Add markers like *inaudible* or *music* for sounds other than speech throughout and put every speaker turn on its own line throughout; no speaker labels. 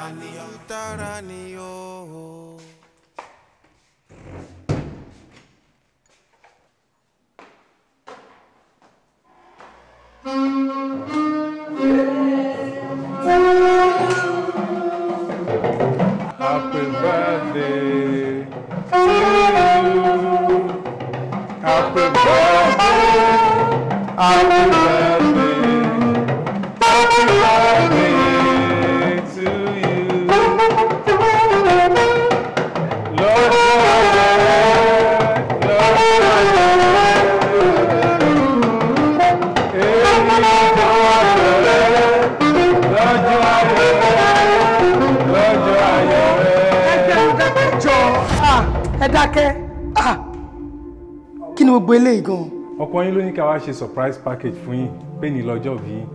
dára ni o dára ni o.
surprise package fún yín pé ní lọ́jọ́ bí yín.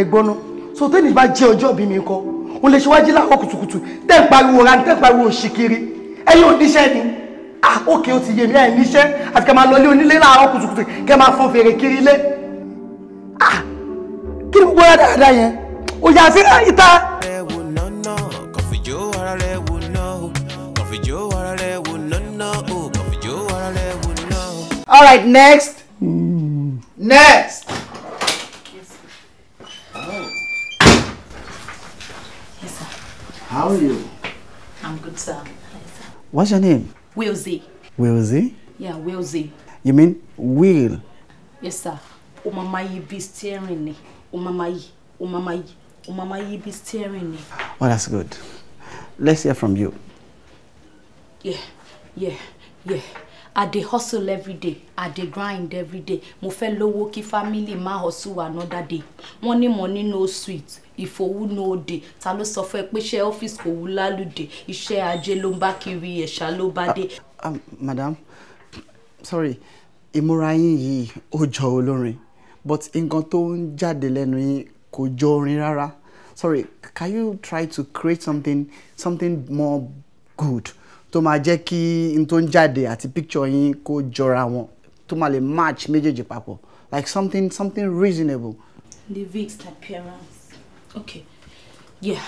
ẹ̀gbọ́n náà so tẹ́ni bá jẹ́ ọjọ́ bí mi kọ́ òun lè ṣe wájú láàárọ̀ kùtùkùtù tẹ́ ń pariwo ra tẹ́ ń pariwo òṣìkiri ẹ̀yin oníṣẹ́ ni òkè ah, ó ti yé mi ẹ̀ níṣẹ́ àti kẹ́ máa lọ ilé onílé láàárọ̀ kùtùkùtù kẹ́ máa fọn fèrè kiri ilé ah, kí ni gbogbo rẹ̀ dáadáa yẹn òyà sí ìta. All right, next.
Mm.
Next.
How are you? I'm good, sir.
What's your name? Wilsey. Wilsey?
Yeah, Wilsey.
You mean Will?
Yes, sir. O be steering me. O mama yi. be steering me.
Oh, that's good. Let's hear from you.
Yeah, yeah, yeah. i dey hustle every day i dey grind every day mo fẹ́ lówó kí family má hustle another day wọ́n ní money no sweet ìfowó no dey ta ló sọ fún ẹ pé iṣẹ́ ọ́fíìsì kò wú lálùdẹ iṣẹ́ ajé ló ń bá kiri ẹ̀ṣá ló bá dé.
Ah, um, madam sorry ìmúra yín yìí ó jọ olórin but nǹkan tó ń jáde lẹ́nu yín kò jọ orin rárá sorry can you try to create something something more good tó máa jẹ́ kí n tó ń jáde àti picture yín kó jọra wọn tó máa lè match méjèèjì papọ̀ like something something reasonable.
the vixed appearance
okay yeah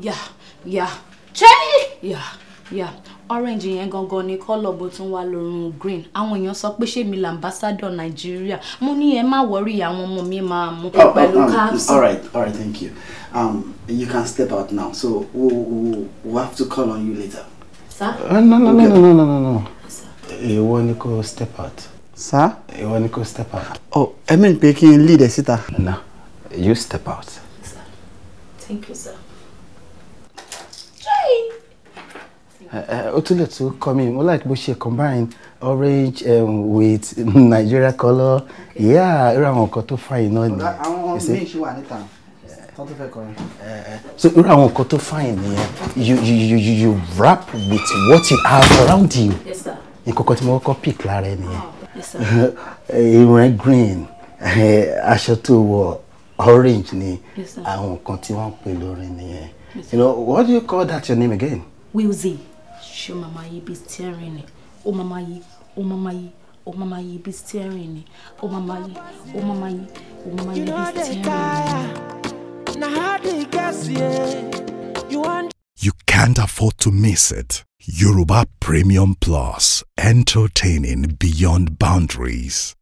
yeah yeah cherry yeah yeah orange yẹn gangan ni kọ́lọ̀ bó tún wà lórun green àwọn èèyàn sọ pé ṣé mi làmbásádọ̀ Nigeria. mo ní ẹ má wọrí àwọn ọmọ mi máa mú oh, oh, pẹ̀lú káàpsì. Um, all right
all right
thank you um, you can step out now so we we'll, we'll, we'll have to call on you later.
Sir? Uh, no no, no, okay. no, no, no,
no, Sir, you want to go step out. Sir? you want to go step out. Oh, I mean pé kí n lead ẹ No, you step out. Sir, thank you, sir. ó Uh, lè tún kọ́ mi like bó combine orange um, with Nigeria color. okay. yeah irú àwọn nǹkan tó fine náà ni. àwọn míì ṣì wà níta.
Eh, eh. so
irú àwọn nǹkan tó fine nìyẹn you you you you wrap with what you have around you nǹkan kan tí mo kọ́kọ́ pick lára oh, *laughs* eh,
ẹ
nìyẹn irun green aṣọ tó wọ orange ni àwọn nǹkan tí wọ́n pè lórí nìyẹn you know what do you call that your name again.
wilzy ṣé mama, yìí bí steering ni ó màmá yìí ó màmá yìí ó màmá yìí bí steering ni ó màmá yìí ó màmá yìí ó màmá yìí bí steering ni.
You can't afford to miss it. Yoruba Premium Plus, entertaining beyond boundaries.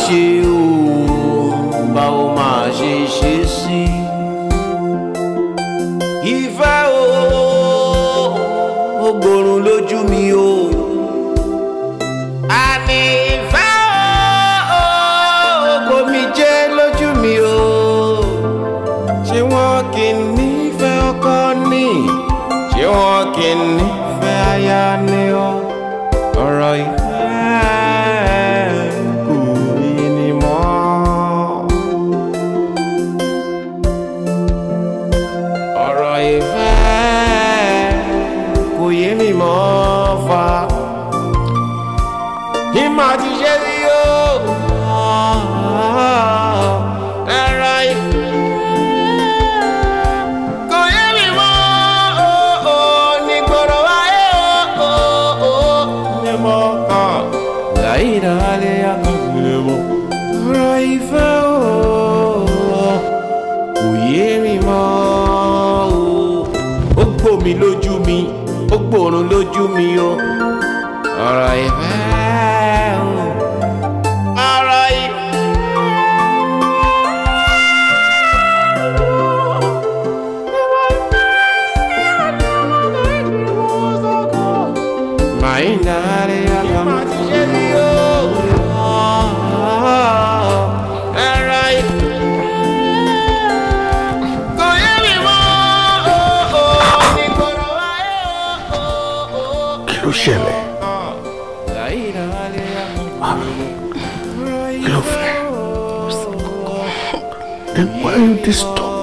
existiu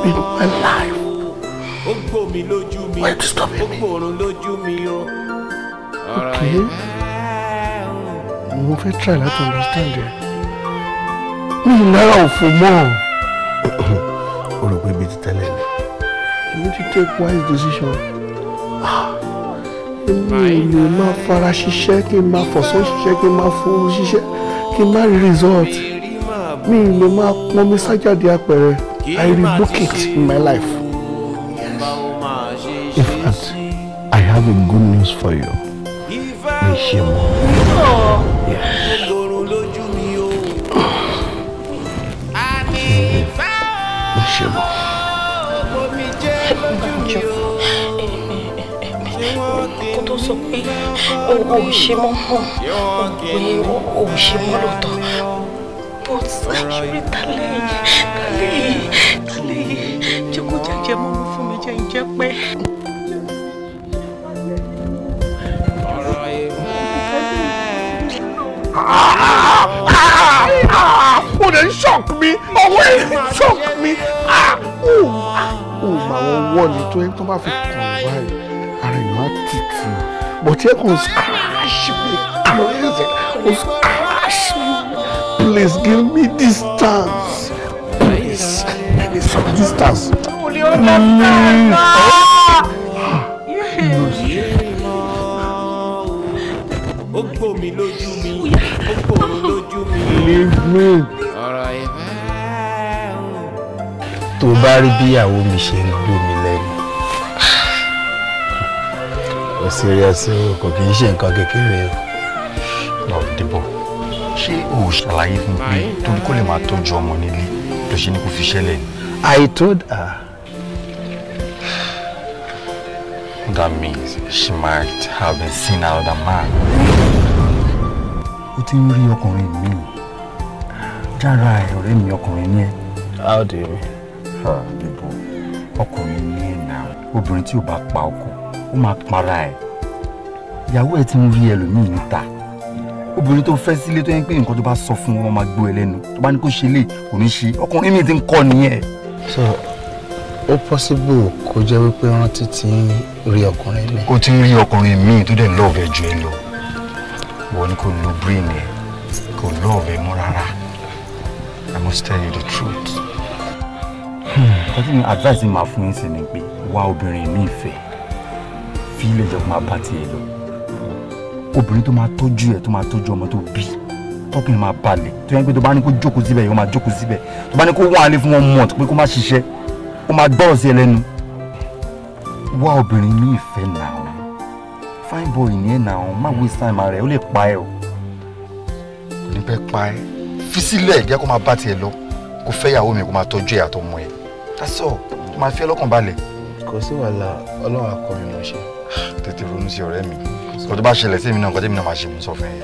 me with my life? Why are you disturbing me?
Okay. Mo fẹ́ try láti understand ẹ. Mi ì lára òfò mọ́. O rò pé ibi ti tẹ́lẹ̀ ni.
You need to take wise decision. Ah, èmi ò lè máa fara ṣiṣẹ́ kí n máa fọ̀sán ṣiṣẹ́ kí n máa fowó ṣiṣẹ́ kí n
má rí result. Mi ì lè máa pọnmi sájáde apẹ̀rẹ̀. I revoke it in my life.
Yes. In
fact, I have a good news for you. Nishimo. No. Yes. Nishimo.
kó tó sọ pé o ò ṣe mọ́ o ò ṣe mọ́ lóòótọ́.
shock mi ọwọ́ yìí shock mi ó ah, ah, mà ọwọ́ ni tó yẹ tó bá fi kàn báyìí ara ìlú á tìtì but ẹ̀ kò scratch me crazy kò scratch me please give me distance please give me some distance. Olè ó lọ sí àná
ó gbòmí lójú mi ó gbòmí lójú mi. leave
me
ọ̀rọ̀ ìfẹ́
tó bá
rí bíyàwó mi ṣe ń gbó mi lẹ́nu ò *sighs* síríọ́sì kò kì í ṣe nǹkan kékeré lọ dìbò ṣé o ṣàlàyé fún mi torí kó lè máa tọ́jú ọmọ nílé ló ṣe ní kó fi ṣẹlẹ̀ ni. I told
her. That means she might have been seen another man. ó ti ń rí ọkùnrin mi-ín dára ẹ ọ̀rẹ́ mi ọkùnrin ni ẹ. how do you mean. bíbo ọkùnrin ni ẹ náà obìnrin tí ò bá pa ọkọ ó máa para ẹ
ìyàwó ẹ ti ń rí ẹlòmíín níta obìnrin tó fẹ́ sílé tó yẹn pé nǹkan tó bá sọ fún wọn máa gbó ẹ lẹ́nu tó bá ní kó ṣe lè kò ní ṣe ọkùnrin mi ti ń kọ́ nìyẹn. so ó possible kó jẹ́ wípé rántí ti ń rí ọkùnrin mi. ó ti
ń rí ọkùnrin míì tó dẹ̀ lọ́ọ̀fẹ́ ju ẹ lọ wọ́n ní kò lo brain ẹ kò lọ́ọ̀fẹ́ mọ́ rárá must tell you the truth. ẹ fún advising my friends máa fún yín sí ni pé wá obìnrin mi ìfẹ́ fi ilé ìjọba máa bá
tiẹ̀ lọ obìnrin tó máa tọ́jú ẹ̀ tó to tọ́jú ọmọ tó bí tọ́kùnrin máa balẹ̀ tó yẹn pé tó bá ní kó jókòó síbẹ̀ yóò máa jókòó síbẹ̀ tó bá ní my wọ́n alẹ́ fún wọn mọ̀ pé kó má ṣiṣẹ́ ó máa gbọ́rọ̀ sí ẹ fine boy ni ẹ náà má waste time rẹ̀ ó lè pa ẹ́ fi sílẹ̀ jẹ́ kó máa bá tiẹ̀ lọ kó fẹ́ ìyàwó mi kó máa tọ́jú ẹ̀ àtọmọ ẹ̀ that's all kó máa fi ọlọ́kàn balẹ̀. kò sí wàhálà ọlọ́run akọ mi mo ṣe. tètè ronú sí
ọ̀rẹ́ mi kó tó bá ṣẹlẹ̀ sí èmi náà nǹkan tẹ́mi náà máa ṣe mo sọ fún ẹ.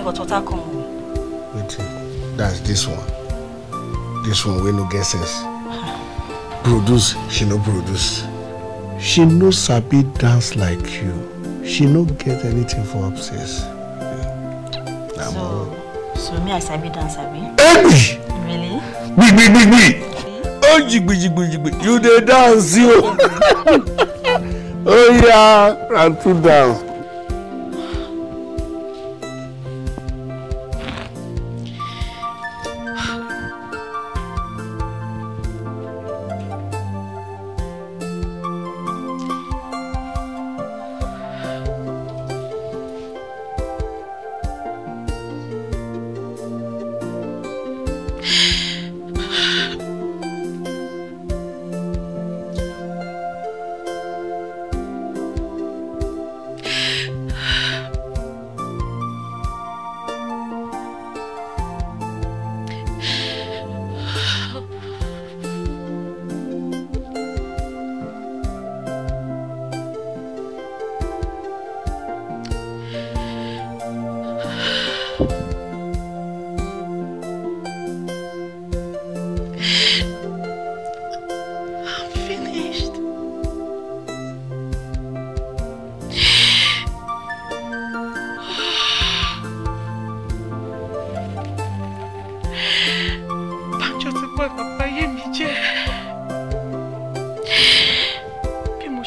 wetin for total come
wetin that's this one this one wey no get sense produce she no produce she no sabi dance like you she no get anything for upstairs. so
so me i sabi dance abi.
ebi. really. gbigbi gbigbi o oh, jigbi jigbi jigbi you dey
dance yo. *laughs* oh, yeah. I too dance.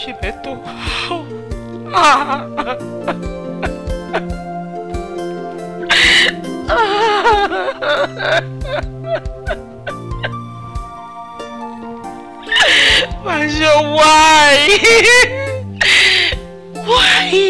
Chiveto. Ah. *laughs*
Mas why? Why?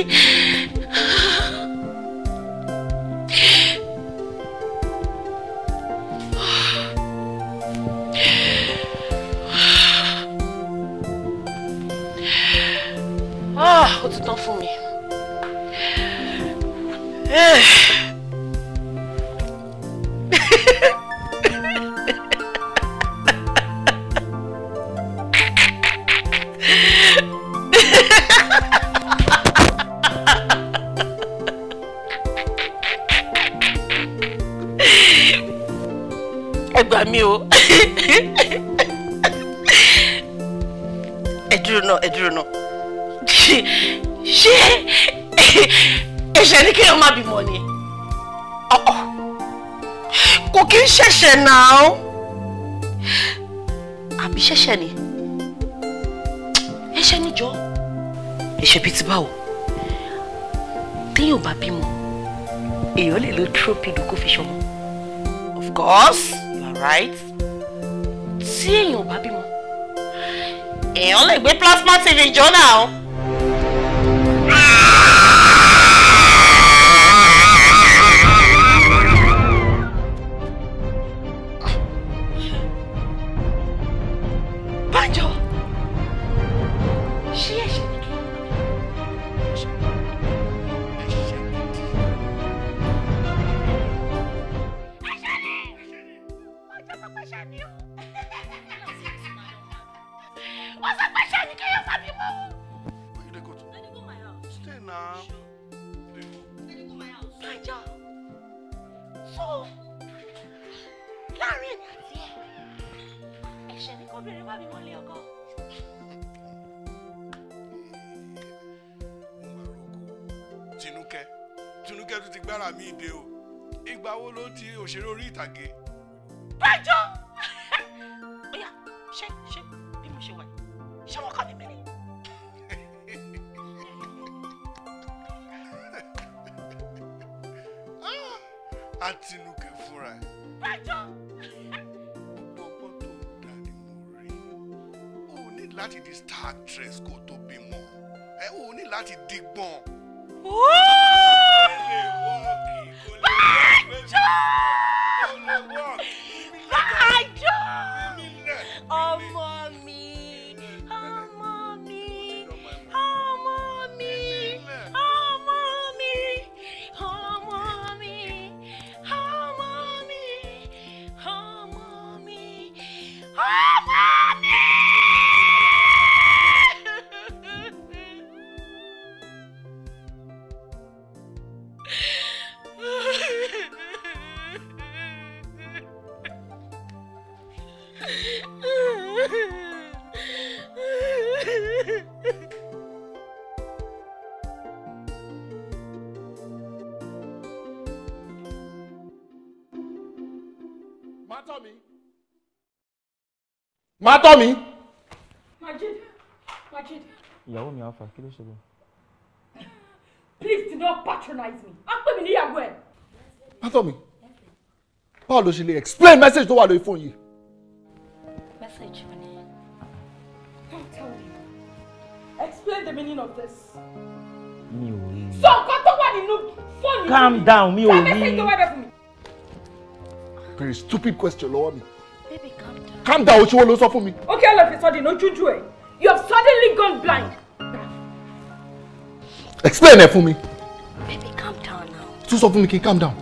tọ́ mi. ìyàwó mi àáfà kí ló ṣe lọ.
please do
not patronize me á pè mí níyàwó ẹ.
pátọ́ mi báwo ló ṣe lè explain message tó wà lórí fóònù yìí.
message wọn ni. don't tell me explain the meaning of this. mi ò rí. So nǹkan
tó wà nínú fóònù yìí. calm down mi ò rí. ká mẹ́sẹ̀jì tó wá bẹ̀ fún mi. very stupid question lọ́wọ́ mi calm down òṣìwọ́ ló sọ fún mi. ó kí ẹ lọ fi sọdí lójújú ẹ
you have suddenly gone blind.
explain ẹ fún mi. baby calm down now. tún sọ fún mi kí calm down.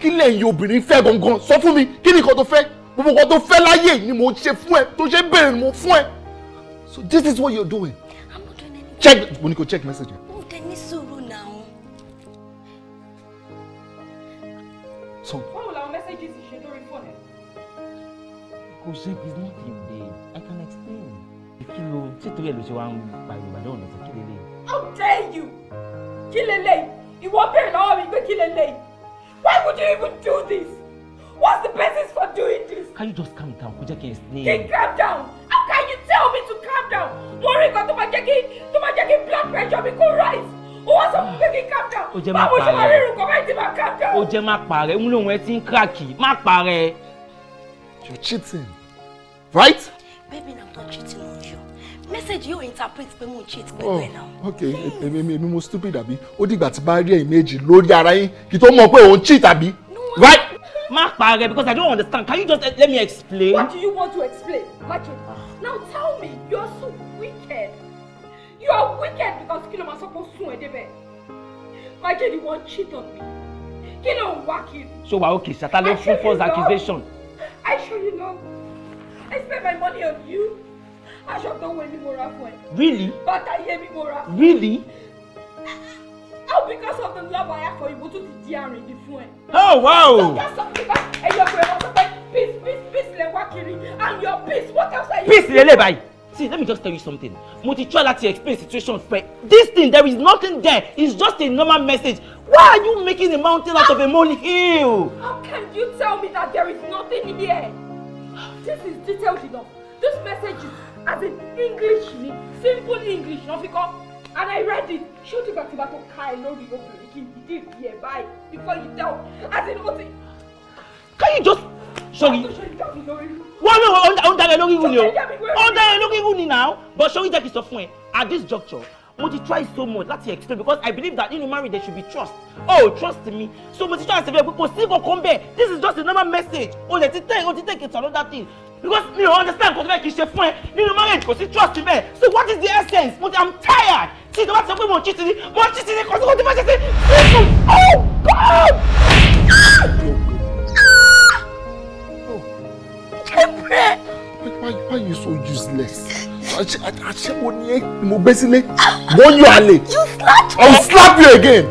kí lẹ́yìn obìnrin fẹ́ gangan sọ fún mi kí ni to tó fẹ́ gbogbo nǹkan tó fẹ́ láyé ni mo ṣe fún ẹ tó ṣe béèrè mo fún ẹ so this is what you're doing. I'm not doing anything. check mo check message kò ṣẹ́gun is not in vain i can explain. kí ló ṣé torí ẹ ló ṣe wá ń pa yorùbá lọ́wọ́ lọ́sọ̀ kí lélẹ̀.
how dare you kí lélẹ̀ ìwọ bèrè lọ́wọ́ mi pé kí lélẹ̀ why would you even do this what's the basis for doing this.
can you just calm down kó jẹ́ kí n explain. kí calm
down how can you tell me to calm down mo rí nǹkan tó máa jẹ́ kí tó máa jẹ́ kí blood pressure mi kó rise ó wá sọ fún pé kí n calm down báwo ṣe máa rí irun kan báyìí máa calm down.
ó jẹ́ má pa rẹ̀ ń lóun ẹ ti ń kíráàkì má pa rẹ̀. you cheating right? Baby, I'm not
cheating on you. Message you interpret pé mo cheat pẹ̀lú oh, ẹ̀ náà.
Okay, èmi èmi èmi mo stupid àbí? Ó dìgbà tí bá rí ẹ̀yin méjì lórí ara yín kí tó mọ̀ pé òun cheat àbí? Right? Má parẹ́ because I don't understand. Can you just eh, let me explain? What do
you want to explain? Machi, now tell me, you are so wicked. You are wicked because kí ló máa sọ pé ó sún ẹ débẹ̀? Machi, you wan cheat on me. Kí ló ń wá kiri?
Ṣé wàá òkè ṣàtàlẹ́ fún false accusation?
I show you love. I spent my money on you. I should wo èmi mo for it. Really? But I hear mo ra Really? How because of the love I have for you, but to the di arìndì fún ẹ. Oh wow! So that's something that ẹyọ
pé peace peace peace lè kiri and your peace what else are you? Peace lè lè
See, let me just tell you something. Mo ti try láti explain situation fẹ́. This thing, there is nothing there. It's just a normal message. Why are you making a mountain out of a molehill?
How can you tell me that there is nothing in here? This is detailed enough. This message is as in English simple English náà because And I read it. Ṣé o ti gbàtí bá tó ka ẹ lórí obìnrin kí ìdí ìdí ẹ̀ before you tell as in o Can you just
sorry. wọ́n náà ó Under dalẹ̀ lórí irú ni o
ó ń dalẹ̀ now
but sorry jẹ́ kí n sọ fún at this juncture mo ti try so much láti explain because I believe that nínú marriage there should be trust oh trust me so mo ti try àṣẹfẹ́ pé kò sí kankan bẹ́ẹ̀ this is just a normal message o lè ti take o ti take it another thing because mi ò understand kò tó fẹ́ kí n ṣe ẹ nínú marriage kò sí trust bẹ́ẹ̀ so what is the essence mo ti am tired tí ìjọba ti sọ pé mo cheat ni mo cheat ni kò sí kò tí mo cheat ni people oh God. Why, why are you so useless?
àṣẹ wo ni
mo gbé sílé wọ́n yọ àlè
I'll slap you again.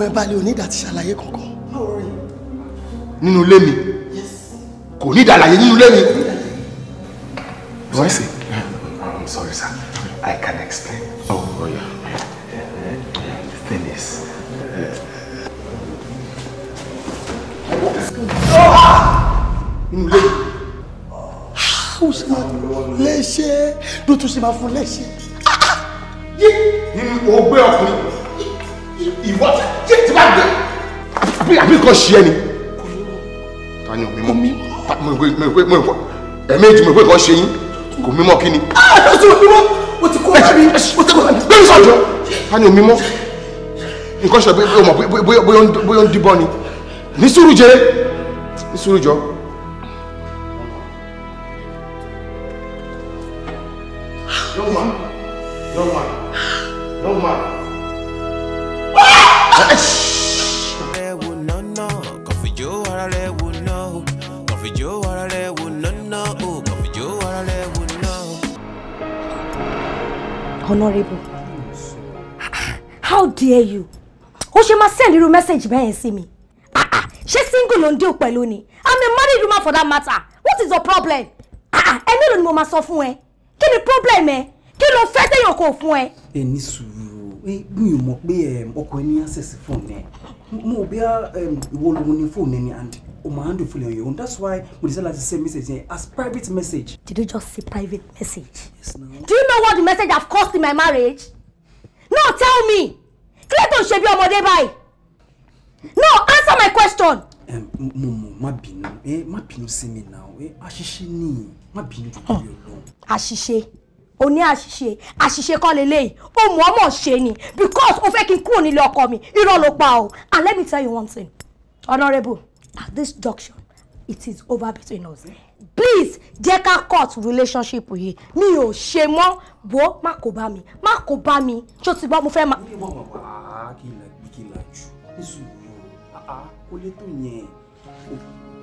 ọkọ ẹ balẹ̀ onídàá ti ṣàlàyé kankan nínú ilé mi kò ní ìdàlàyé nínú ilé mi. Do I say?
I'm sorry, sir. I can explain. Oh, oh yeah. The thing is.
Nínú ilé mi. Ah, ó ṣe máa lẹ́ṣẹ̀, ló tún ṣe máa fún lẹ́ṣẹ̀. náà ṣí ẹni. ta ni omi mọ ẹ̀ẹ́mẹ́jì mo ìwé kan ṣe yín kò mímọ́ kí ni. ẹ ṣe omi mọ́ o ti kó ara mi o ti kó ara mi. bẹ́ẹ̀ sọ̀jọ́ ta ni omi mọ́ nǹkan ṣe bóyá ó ń díbọ́n ni ní sùúrù jẹ́ ní sùúrù jọ́.
dare you o she must send you a message bẹ́ẹ̀ sí mi ah ah ṣé single on ń deal pẹ̀lú ni i'm a married woman for that matter what is your problem ah ah ẹ mélòó ni mo máa sọ fún ẹ kí ni problem ẹ kí ló fẹ́ téèyàn kò fún ẹ.
ẹ ní sùúrù mi ò mọ̀ pé ọkọ ẹ ní access fóònù ẹ mo ò bí ìwọ lòun ní fóònù ẹ ní and o máa
ń dùn fúnlẹ̀ ọ̀yọ́ that's why we decide to send message as private message. did you just say private message. yes na. do you know what the message have cost in my marriage. no tell me kílẹ̀ tó ń ṣe bí ọmọdé báyìí no answer my question.
mọ̀mọ́ má bínú má bínú sí mi náà àṣìṣe ni má bínú tó bí ọlọ́run.
àṣìṣe o ní àṣìṣe àṣìṣe kọ́ leléyìí o mọ̀ ọ́mọ̀ ṣe ni because o fẹ́ kí n kúrò nílé ọkọ mi irọ́ ló pa o and let me tell you one thing honourable at this junction it is over between us please jẹ́ ká cut relationship yìí mi ò ṣe mọ́ bó má kó bá mi má kó bá mi tó ti gbọ́ mo fẹ́ ma. mi ò mọ̀ wá
ah, kí n là kí n là jù ní sùúrù ah, ah, kó lè tó yẹn o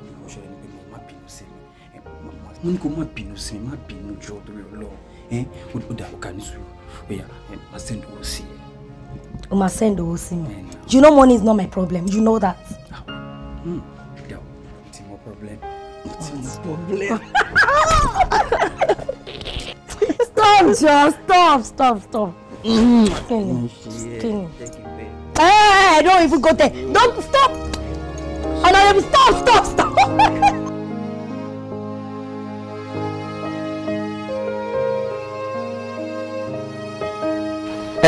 ìwọ ṣẹlẹ̀ ni pé mo má bínú sí mi eh, mo ní kó má bínú sí mi má bínú jọ torí Ọlọ́run ẹ eh, ó dà ó kà ní sùúrù ó yá eh, má send owó sí i.
o ma send owó sí mi you know money is not my problem you know that. ah hmm, yeah,
it's my problem stop,
Joe. Stop, stop, stop. Just kill him. Just kill him. Hey, don't even go there. Don't stop. Honorable, stop, stop, stop.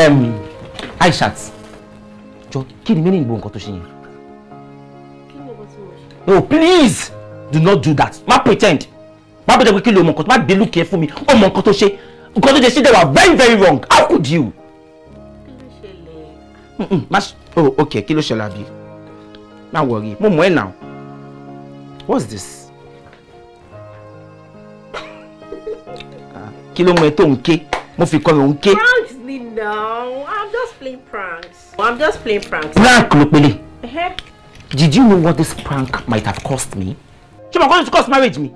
um, Aishat jọ kí ni mí ní ìgbò nǹkan tó ṣe yẹn. kí ni ọkọ tí mo no please do not do that má pretend má bẹ̀rẹ̀ pé kí ló mọ nǹkan tó má gbé lùkì ẹ fún mi ó mọ nǹkan tó ṣe nǹkan tó ṣe sí they were very very wrong how could you. oh okay kí ló ṣẹlẹ̀ àbí má worry mo mọ̀ ẹ́ now what's this. *laughs* kí ló mọ ẹ tó ń ké mo fi kọ́ mi òun ké. pranks
ni now i'm just playing pranks. i'm just playing pranks. prank
ló pele. did you know what this prank might have cost me ṣé mo kọ́ ní discuss marriage mi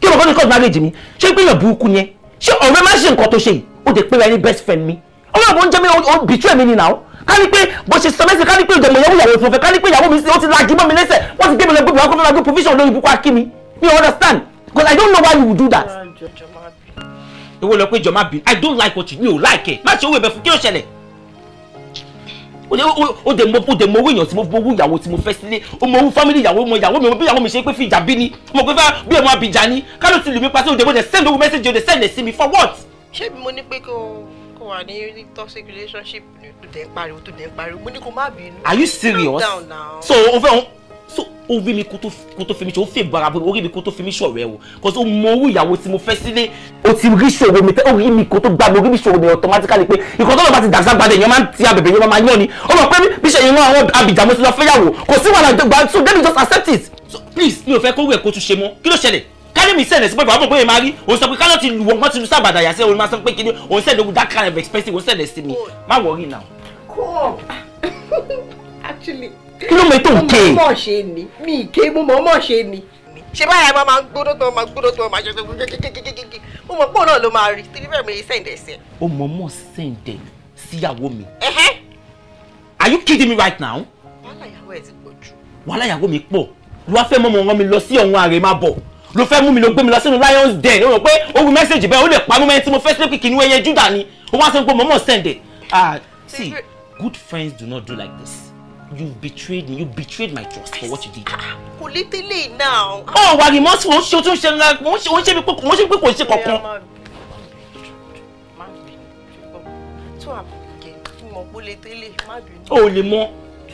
ṣé mo kọ́ ní discuss marriage mi ṣé pé èèyàn burúkú yẹn ṣé ọ̀rẹ́ má ṣe nǹkan tó ṣe yìí ó dé pé ẹni best friend mi ọmọ àbọ̀ ń jẹ́ mi ó betray mi ni now ká ní pé bó ṣe sọ mẹ́sì ká ní pé ìjọba ìyàwó ìyàwó ìfọ̀fẹ́ ká ní pé ìyàwó mi ó ti lajú mọ́ mi lẹ́sẹ̀ wọ́n ti gbé mi lọ gbé mi wá kó fẹ́ máa gbé provision lórí ibùkún understand because I don't know why you would do that. ìwọ lọ pé ìjọ má bì I don't like what you mi like ẹ má ṣe owó ẹ̀bẹ̀ fún kí ló ó dẹ̀ mọ ó dẹ̀ mọ owó èèyàn tí mo owó ìyàwó tí mo fẹ́ sílé ó mọ owó fámìlì ìyàwó mọ ìyàwó mi mọ bí ìyàwó mi ṣe pé fi ìjà bí ni mo pé bí ẹ̀ mọ abìjà ni kálọ̀ ti lù mí pa sí òde mo dẹ̀ send owó message o dẹ̀ send ẹ̀ sí mi for what.
ṣé mo ní pé kó kó wà ní toxic relationship tó dẹ̀ ń
pariwo tó dẹ̀ ń pariwo mo ní kó má bínú. are you serious so o fẹ́ so orí mi kó tó fi mi ṣe ó fè gbára bọ́ orí mi kó fi mi ṣọ̀rẹ́ o cause ó mọ owó ìyàwó tí mo fẹ́ sílé o ti rí ṣòro mi tẹ́ orí mi kó tó gbá mi orí mi ṣòro mi automatically pé ìkọ́ tó lọ bá ti dàgbà gbadẹ̀ èèyàn máa ń ti abẹ̀bẹ̀ èèyàn máa ń yán ni ó mọ̀ pé bí ṣe yẹn rán àwọn abìjà mo ti lọ fẹ́yàwó kò sí wàhálà gbà so let me just accept it so please mi ò fẹ́ kó rẹ̀ kó tún ṣe mọ́ kí ló ṣẹlẹ̀ kálí mi sẹ́ẹ̀nẹ̀ sí pé bàbá bóyá máa rí òun sọ pé kálọ̀ ti lù wọ́n ti sábàdà yà sí òun máa sọ pé kíni òun sẹ́ẹ̀nẹ̀ ogun that kind of expensive òun sẹ́ẹ̀nẹ̀ sí mi má worry now.
cool *laughs* actually kí ló mẹ́tò ń ké. mo mọ̀ ṣe ni mi ì ké mo mọ̀ mọ̀
ṣe ni. ṣé báyà máa máa ń gbódó tó máa gbódó tó máa ṣe tó kékékékékéké mo mọ̀ pọ̀ náà ló máa rí tíbi bẹ́ẹ̀ mi yìí sẹ̀ǹdẹ̀ sí ẹ̀. ó mọ̀ mọ̀ sẹ̀ǹdẹ̀ síyàwó mi. are you kidding me right now.
wàhálà ìyàwó ẹ̀ ti pọ̀ jù.
wàhálà ìyàwó mi pọ̀ ló wá fẹ́ mọ́ mọ́ rán mi lọ sí ọ̀hún ààrẹ má bọ̀ ló fẹ́ mú mi lọ gbé mi lọ sínú lions den ó rò pé ó wí mẹ́sàgì bẹ́ẹ̀ ó lè pa mí mẹ́rin tí mo fẹ́ sílé kìkì ní ẹyẹ júdà ni ó wá sọ pé mọ̀mọ́ sẹ̀ǹdẹ̀. ah see good friends do not do like this you betrayed me you betrayed my trust for what you did. kò lè tẹ́lẹ̀ náà. ọ wà ní mọ́sí òun ṣe òun ṣe ńlá òun ṣe òun ṣe pé òun ṣe pé kò ṣe kankan. tó àbùkẹ́ fún mọ̀ kó lè tẹ́lẹ̀ má bínú. o ò lè mọ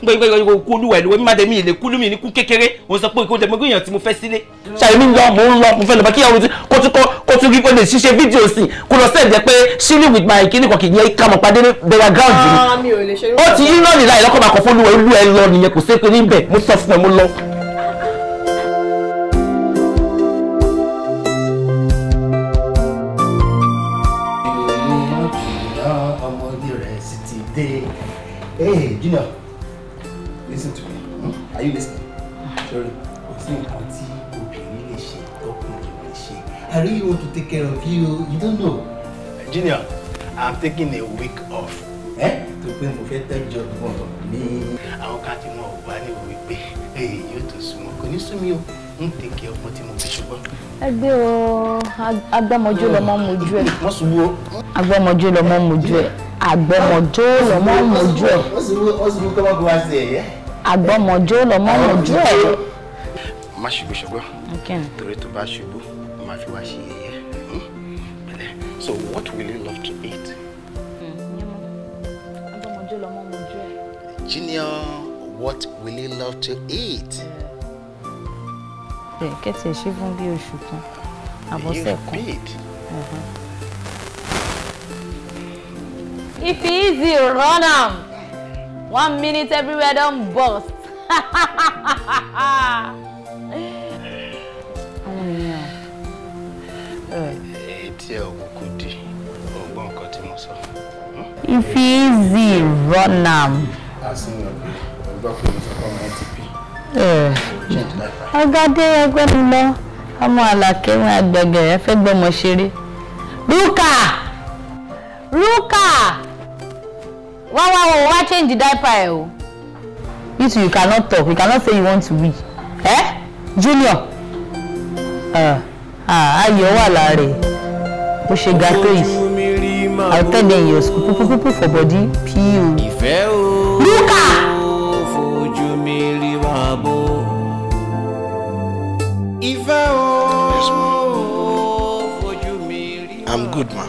gbẹgbẹgbẹ kú olúwa ìlú mímá dẹmí ilé kú lómi ní kú kékeré òun sọ pé kó dẹmọ gbìyànjú tí mo fẹ́ sílé. ṣàyẹ̀mí ń lọ mò ń lọ mo fẹ́ lọ bá kíyàwó tí kó tún kó tún kí kó lè ṣiṣẹ́ fídíò sí i kó lọ sẹ́ẹ̀dẹ̀ pé sílí with my kan kì í yẹ ká mọ̀ padé ní bẹ̀rẹ̀ ground ah,
mi. ó ti yí náà nílá ìlọ́kọ̀ fún
olúwa olúwa ẹ lọ nìyẹn kò sí Junior you listening? Sorry, I really want to take care of you. You don't know. Junior, I'm taking a week off. Eh? To pé mo fẹ́ tẹ́ jọ fún ọ ní. Àwọn you ti mọ òwá ní òwe pé yóò tó súnmọ́. Kò ní sún mi o, ń tèké ọmọ tí mo fi ṣùgbọ́n.
Ẹgbẹ́ o, agbọ́mọjó lọmọ
mojú ẹ̀. Wọ́n ṣubú o. Agbọ́mọjó lọmọ mojú ẹ̀. Àgbọ́mọjó lọmọ mojú
ẹ̀. Wọ́n ṣubú kọ́mọ́kọ́ wá sí ẹ̀yẹ́
àgbọmọjó lọmọmọjó
ẹ. má ṣubú
ṣùgbọ́n
torí tó bá ṣubú má fi wá ṣe yẹ̀yẹ́ hmm? pẹ̀lẹ́ so what will you love to eat.
àgbọmọjó lọmọmọjó ẹ.
junior what will you love to eat.
bẹ́ẹ̀ kẹ́tì ṣe fún bí oṣù kan àbọ̀sẹ̀ kan.
If he is, he'll run one minute everywhere don't bust.
etí ẹ
òkùnkù di ọgbọ́n nǹkan tí mo sọ.
if easy run am.
asin eh. ọgbẹ ọgbà fún mi sọkọ ọmọ ti pè.
ọgá dé ẹgbẹ́ mi lọ ọmọ àlàkẹ́ wọn àgbẹ̀gẹ̀
wá wá wá wá change the diaper ẹ o. you too you cannot talk you cannot say you want to wee
eh? junior Ah, ah wà lára ẹ̀
bó ṣe ga tó yìí i tell them your school pupu pupu for body pure.
ìfẹ́
I'm good ma.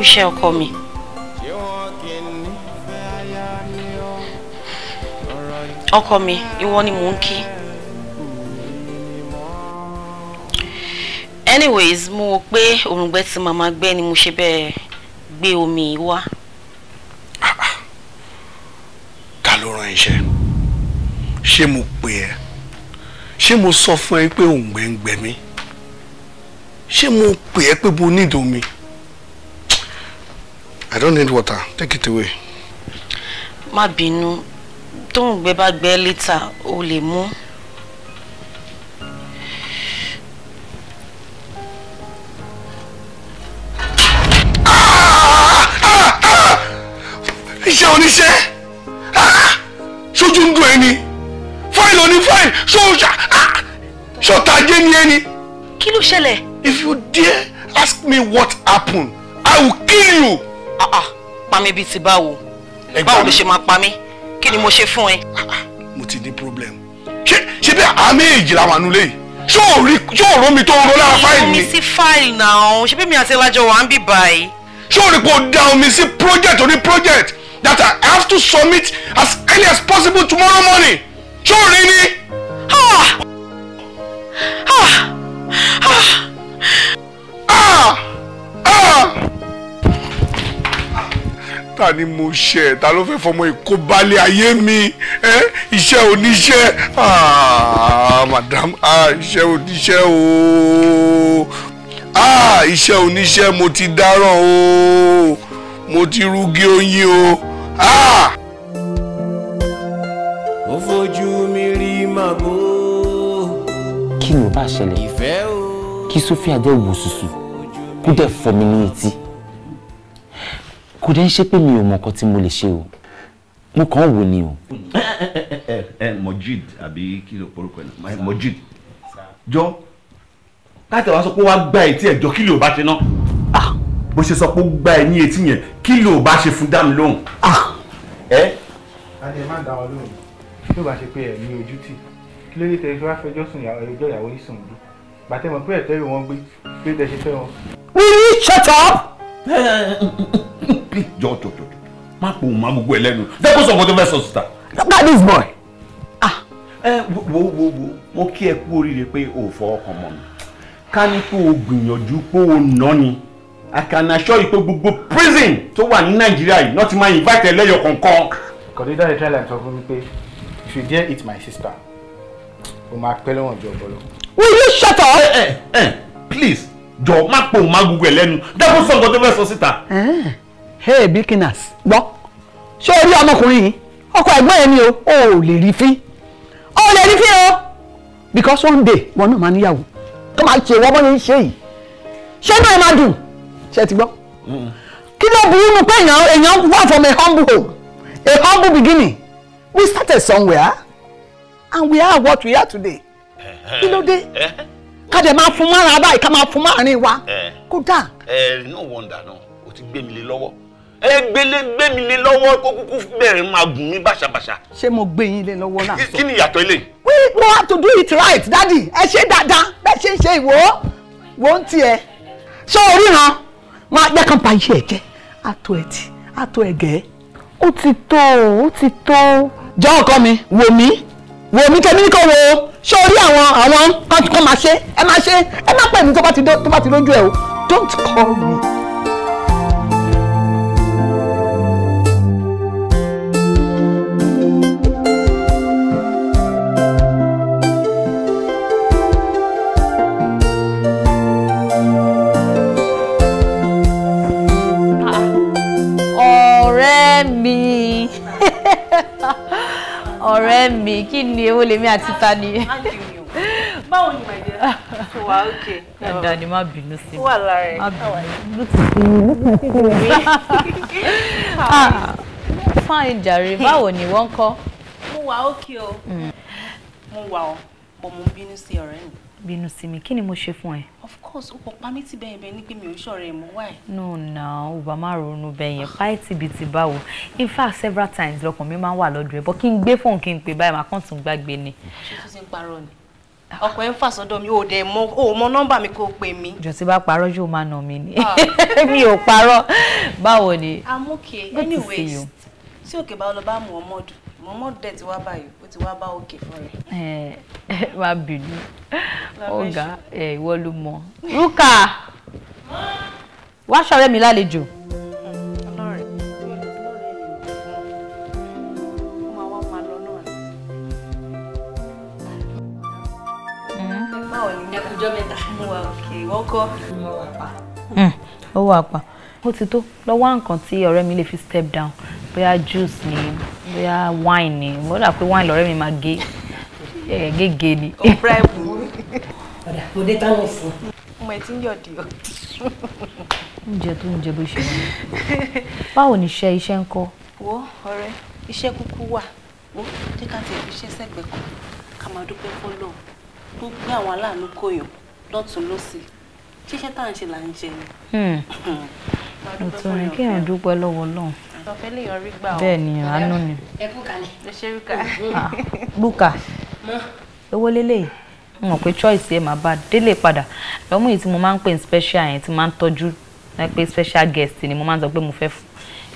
kú iṣẹ́ ọkọ mi. ọkọ mi ìwọ ni mò ń kí. anyways mo wò pé òrùngbẹ tí màmá gbẹ ni mo ṣe bẹ́ẹ̀
gbé omi wá.
ta ló rán iṣẹ́ ṣé mo pè ẹ́ ṣé mo sọ fún ẹ pé òǹgbẹ ń
gbẹ mí ṣé mo pè ẹ́ pé mo nídòó mi. I don't need water. Take it away.
Ma binu, Má bínú. Tóun gbẹ bá gbẹ létà, o lè mú.
Iṣẹ́ oníṣẹ́
ṣojú ń dùn ẹni fáìlì oní fáìlì ṣọ́ọ̀ṣà ṣọ́ọ̀tàjẹ́ ni ẹni. Kí ló ṣẹlẹ̀? If you dare ask me what happened, I will kill you ah ah pa mí bíi ti báwo báwo ló ṣe máa pa mí kí ni mo ṣe fún ẹ. Ah, ah, mo ti ní problem ṣé ṣé bí ami ìjìlá wà nulẹ̀ yìí ṣé ò rí ṣé ò rómi ro la fáìlì ni. omi sí fáìlì náà ṣé bí mi àti ẹlájọ wà ń bì báyìí. ṣé ko down pé si project orí project that I have to submit as early as possible
tomorrow morning ṣé o rí Ah. ah ah ah ah
ta ni mo ṣe ta ló fẹ́ fọmọ èkó balẹ̀ ayé mi iṣẹ́ oníṣẹ́ ah, madam ah, iṣẹ́ oníṣẹ́ o ah, iṣẹ́ oníṣẹ́ mo ti dáràn o mo ti rúgí oyin o.
ó fojú mi rí màbó. kí
ni bá ṣẹlẹ̀ kí sofia jẹ́ wòsùsù kó dẹ̀ fọ́ mi ní etí kò dẹ́ ń ṣe pé mi ò mọ nǹkan tí mo lè ṣe o mo kàn wò ni o. ẹ ẹ Mojid àbí kí ló porúkọ ẹ náà Mojid jọ láti wá sọ pé wá gba etí ẹ jọ kí ló bá ṣe náà ah. bó ṣe sọ pé ó gba ẹ ní etí yẹn kí ló bá ṣe fún dámi lóhùn. Ah. ẹ.
adé má dá ọ lóhùn kí ló bá ṣe pé ẹ ní ojú tì kí ló dé tẹ ẹ fi sùn ẹjọ́ ìyàwó yìí sùn bí
gbàtẹ́ mọ̀ pé ẹ̀tẹ́ yìí wọ́n gbé kí ló dé ṣe fẹ́ wọn. Will you shut up? *laughs* jọ jọ jọ má pò má gbogbo ẹ lẹ́nu dẹ́kun sọ̀kò tó fẹ́ sọ síta. that is boy. Ah. ẹ wo wo wo mo kí ẹ kú oríire pé o ò fọwọ́ kan mọ́ mi ká ní kó o gbìyànjú pé o nà ni I can assure you pé gbogbo prison tó wà ní Nàìjíríà yìí not my invite ẹ lẹ́yọ̀ kankan. kọ̀dídà ẹ̀ tẹ́lẹ̀ sọ fún mi pé if you dare hit my sister o máa pẹ́ lọ́wọ́n ju ọ̀bọ
will you shut
up. ẹ ẹ ẹ please jọ má pò má gbogbo ẹ lẹ́nu dẹ́kun sọ nǹkan tó fẹ́ sọ síta. Eh, hey bikinas gbọ́ ṣé o rí ọmọkùnrin yìí ọkọ ẹ̀gbọ́n yẹn ni o ò lè rí fín ò lè rí fín o because one day wọn náà máa níyàwó tó máa ṣe wọ́n bọ́ ní í ṣe yìí ṣé náà máa dùn ṣe ti gbọ́ kí ló burú nu pé èèyàn èèyàn wà from a humble home a humble beginning we started somewhere and we are what we are today
eh, eh. kí ló dé
ká dẹ̀ máa fún mára báyìí ká máa fún márin wa kó dà. ẹ no wonder náà o ti gbé mi lé lọ́wọ́ ẹ gbélé gbé mi lé lọ́wọ́ kó kúkú bẹ̀rẹ̀ máa gùn mí bàṣàbàṣà. ṣé mo gbé yín lé lọ́wọ́ náà sọ. kí ni ìyàtọ̀ eléyìí. we we have to do it right daddy ẹ ṣe dáadáa bẹ́ẹ̀ ṣe ń ṣe ìwò wò ń tiẹ̀ ṣé orí hàn wọn ajẹ́ kan pa iṣẹ́ ẹ̀jẹ̀ àtọ̀ ẹ̀tì àtọ̀ ẹ̀gẹ́. ó ti tó ó ti tó. jọ́ ọkọ mi wò mí wò mí kẹ́mi ní kò wò ó ṣé orí àwọn àwọn kan máa ṣe ẹ máa ṣe ẹ má pè tó bá ti lójú ẹ o don't call me.
ọ̀rẹ́ mi kí ni èwo lèmi àti ta ni. báwo ni my dear so wa ok. ẹ̀dá ni má bínú sí mi. wà lára ẹ̀ káwáyé. *laughs* Ah, fine jàre hmm. báwo ni wọ́n kọ́.
mo wà ókè o hmm. mo wà o mo bínú sí ọ̀rẹ́ mi
bínú sí mi kí ni mo ṣe fún ẹ.
of course o kò pa mí ti bẹ́ẹ̀ bẹ́ẹ̀ ni pé mi ò ṣọ̀rẹ́ ẹ̀ mọ́ wáì.
no na o bá má ronú bẹ́ẹ̀ yẹn páì tìbí ti báwo in fact several times lọkàn mi máa ń wà lọ́dọ̀ ẹ̀ bọ́ kí n gbé fóun kí n pè báyìí màá kàn tún gbàgbé ni.
ṣé tó ti ń parọ́ ni ọkọ ẹ ń fà mi ò dẹ mọ
ò mọ nọ́mbà mi kò pè mí.
ìjọ bá parọ́ yóò máa nà mí ni ah. *laughs* mi ò parọ́ báwo ni.
I'm okay anyways tí òkè bá ọlọ bá mú ọmọdún Mohammed dẹ̀ ti wá báyìí ó ti wá bá òkè fún rẹ̀.
ẹ ẹ má bínú ọ̀gá ẹ eh, ìwọ ló mọ.
Rúkà wá ṣọ̀rẹ́ mi lálejò. Hmm, hmm. hmm, ó
wà pa ó ti tó lọ wá nǹkan tí ọ̀rẹ́ mi lè fi step down bóyá juice ni bóyá wine ni mo dà pé wine lọ́rẹ́ mi máa gé gègé ni. ọ̀pẹ́ ẹ̀bùn ọ̀dà kò dé tánù fún. ọmọ ẹ̀ tí ń yọ̀dí o. oúnjẹ tó ń jẹ bó ṣe wà.
báwo ni iṣẹ́ iṣẹ́ ń kọ́.
wo ọ̀rẹ́ iṣẹ́ kúkú wà wo jẹ́ ká tiẹ̀ fi iṣẹ́ sẹ́gbẹ̀ẹ́ kan ká máa dúpẹ́ fọ́lọ́ tó gbé àwọn aláàánú kòyàn lọ́tún lọ́sì ṣíṣẹ́ tá à ń ṣe là ń jẹ ni.
Hmm. *laughs* ọ̀tún
ni kéèyàn dúpẹ́ lọ́wọ́ Ọlọ́run. Ọ̀fẹ́ lè yan rí gbà ọ́. Bẹ́ẹ̀ni, àánú ni. Ẹ bùkà ni. Ẹ ṣe *laughs* ah, bùkà. Bùkà. Owó lélẹ̀ yìí. Mo mọ̀ pé choice ẹ̀ máa bá délé padà. Ọmọ yìí tí mo máa ń pè ní special yẹn tí máa ń tọ́jú pé special guest ni mo máa ń sọ pé mo fẹ́ fún.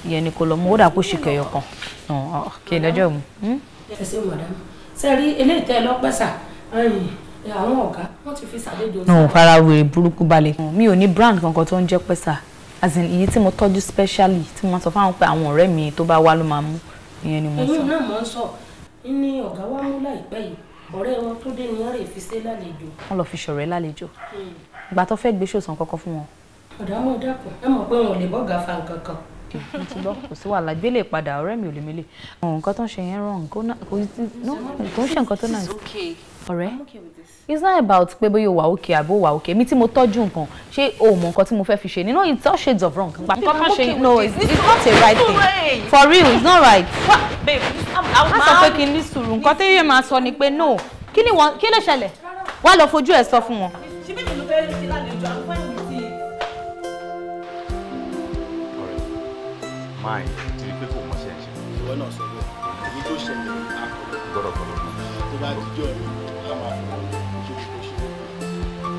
Ìyẹn ni kò lọ mú. Ó dà kó ṣì kẹyọ kan. Ah, ah, Kì í lọ́jọ́ mu.
Hmm? Ẹ ṣe mọ̀dámù. Ṣé rí
eléyìí tẹ́ ẹ lọ́pẹ́sà?
Àwọn ọ̀gá wọ́n ti fi
ṣàlejò. Mo fara wèrè burúkú balẹ̀. Mi ò ní brand kankan tó ń jẹ́ pẹ́sà as in iye tí mo tọ́jú specially tí mo sọ fáwọn pé àwọn ọ̀rẹ́ mi tó bá wá ló máa mú ìyẹn ni mo sọ. èmi náà mọ̀ ń sọ ní ọ̀gá wa mú láìpẹ́ yìí ọ̀rẹ́ wọn tó dé ni wọ́n rè fi ṣe lálejò. wọ́n lọ fi ṣọ̀rẹ́ lálejò hmm. ìgbà tó fẹ́ gbé ṣòsàn kọ́kọ́ fún wọn. ọ̀dà mọ̀ dàpọ̀ ẹ mọ̀ pé wọn ò lè bọ́gà fa nǹkan kan. Eh, mo ti gbọ́ kò sí wàhálà gbélé padà ọ̀rẹ́ mi ò lè mélé nǹkan tó ń ṣe yẹn rán nǹkan tó ń ṣe
ọ̀rẹ́
it's not about pé bóyá o wà òkè àbí o wà òkè mi tí mo tọ́jú nǹkan ṣé o mọ nǹkan tí mo fẹ́ fi ṣe ni it's all shades of wrong. nǹkan má ṣe no it's, not a right thing for real it's not right. babe I'm out of kí n ní sùúrù nǹkan tí yóò máa sọ ni pé no kí ni wọn kí ló ṣẹlẹ̀ wá lọ fojú ẹ̀ sọ fún wọn. ṣé bí mi ló fẹ́ ṣe lálejò àwọn fẹ́ẹ́ mi ti.
ọ̀rẹ́ máa ń tiri pé kò mọ̀ ṣe é ṣe. ìwọ náà sọ bẹ́ẹ̀ èyí tó ṣẹlẹ̀ àkọ́kọ́ gbọ́dọ̀ gbọ́dọ̀ tó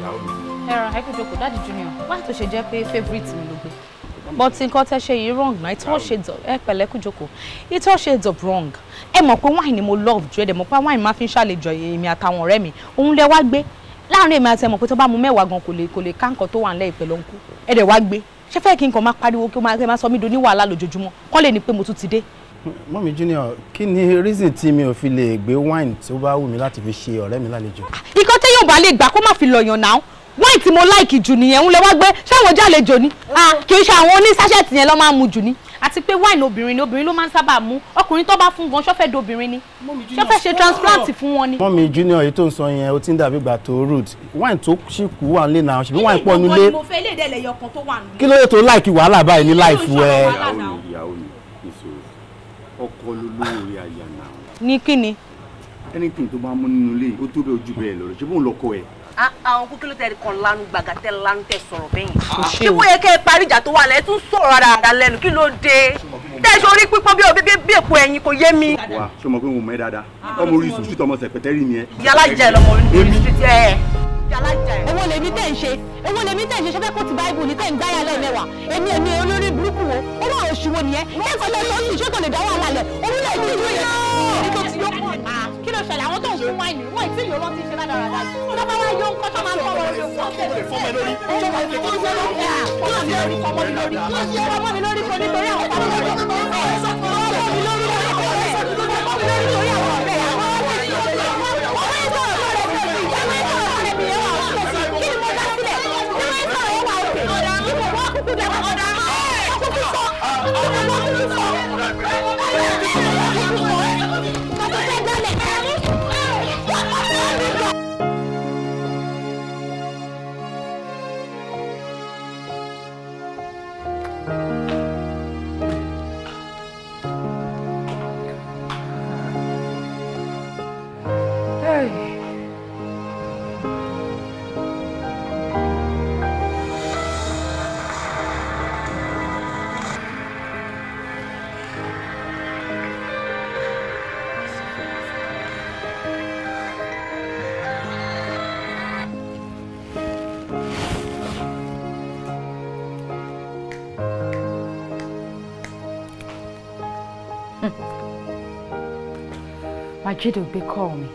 ìyàwó mi. ẹran junior wá tó ṣe jẹ́ pé favourite but nǹkan
tẹ́ ṣe wrong na it's all shades of ẹ pẹ̀lẹ́ kò it's all shades of wrong ẹ mọ̀ pé wine mo love joy, ẹ dẹ̀ mọ̀ pé wine máa fi ń ṣàlejò èmi mi òun lẹ wá gbé láàrin èmi àti ẹ mọ̀ pé tó bá mu mẹ́wàá gan kò lè kò lè ká nǹkan tó wà ńlẹ̀ ìpẹ̀lú ọ̀nkú ẹ dẹ̀ wá gbé ṣé fẹ́ kí nǹkan máa pariwo kí ó máa mo tún ti
mọ́mí junior kí ni reason tí mi ò fi lè gbé wine tí ó bá wù mí láti fi ṣe ọ̀rẹ́ mi lálejò.
ìkan tẹ́yìn ò bá lè gbà kó má fi lọ̀yàn náà wine tí mo láìkì jù nìyẹn ń lè wá gbé ṣáwọn jàlejò ni kì í ṣe àwọn oní sáṣẹ́ẹ̀tì yẹn ló máa ń mu jù ni àti pé wine obìnrin ni obìnrin ló máa ń sábà mú ọkùnrin tó bá fún gan ṣọ́fẹ́ di obìnrin ni ṣọ́fẹ́ ṣe transplant fún wọn ni.
mọ́mí junior èyí tó ń sọ yẹn ó ti ń dàbí ìgbà root wine tó ṣì kú wà nílé náà ṣùgbọ́n wine pọ̀
nílé kí ló yẹ tó láìkì
wàhálà báyìí ní láìfù
ẹ. ìyàwó ni ìyàwó ni kọ́ ló àyà náà. ní kíni. anything tó bá mú nínú ilé ó tó bẹ́ẹ̀ ojú bẹ́ẹ̀ lọ ṣé bóun lọ kọ ẹ.
àwọn kókè
ló
tẹ̀lé kan lánú gbàgà tẹ lánú
tẹ sọ̀rọ̀ bẹ́yìn.
kí wọ́n
yẹ kẹ́ ẹ parí ìjà tó wà lẹ́ẹ̀ tún sọ̀rọ̀ rárá lẹ́nu kí ló dé. tẹ̀sán orí pípọ́n bí bí èpo ẹ̀yìn kò yé mi. wà
á ṣọmọ pé mo mọ ẹ dáadáa ọmọ orí street ọmọ sẹpẹtẹrì ni ẹ. yálà jẹ lọmọ orí
street ẹ owó lèmi tẹ̀ ń ṣe owó lèmi tẹ̀ ń ṣe ṣẹ́fẹ́ kó ti báíbù ní tẹ̀ ń gbáyà lẹ́ẹ̀mẹ́wàá èmi èmi olórí burúkú wo ó oṣù wo nìyẹn kẹ́kọ̀ọ́ lọ sọ́ọ́sì ṣé kò lè dá wàhálà lẹ̀ owó lè ti yọ kí ló ṣẹlẹ̀ àwọn tó ń fún wáìnì wọ́n ìtí ìyọ́ lọ́tí ṣe ládàradà tó bá wá yọ nǹkan tó máa ń fọwọ́ lórí fún ọ̀sẹ̀ Oh, Majid ò gbé call mi.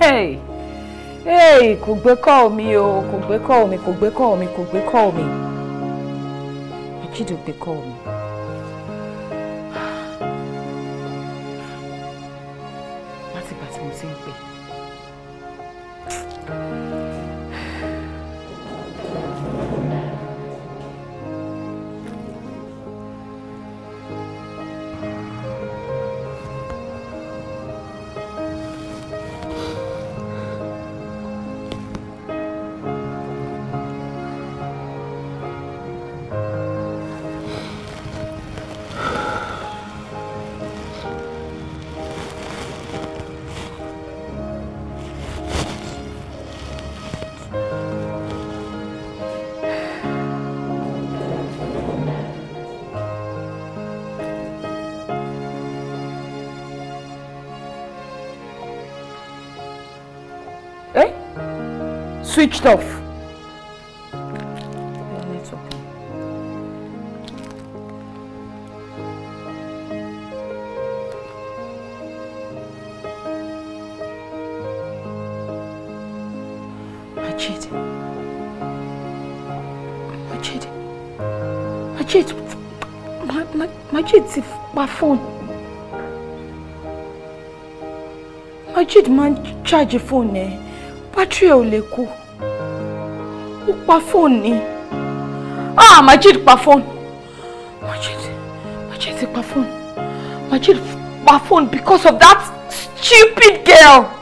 Hey! Hey! Kò gbé call mi o, kò gbé call mi, kò gbé call mi, kò gbé call mi. Majid ò gbé call mi. switched off.
Majid. Majid. Majid.
Majid ti pa fóònù. Majid máa ń pa fóònù ni ah Majid pa fóònù Majid Majid pa phone Majid pa phone because of that
stupid girl.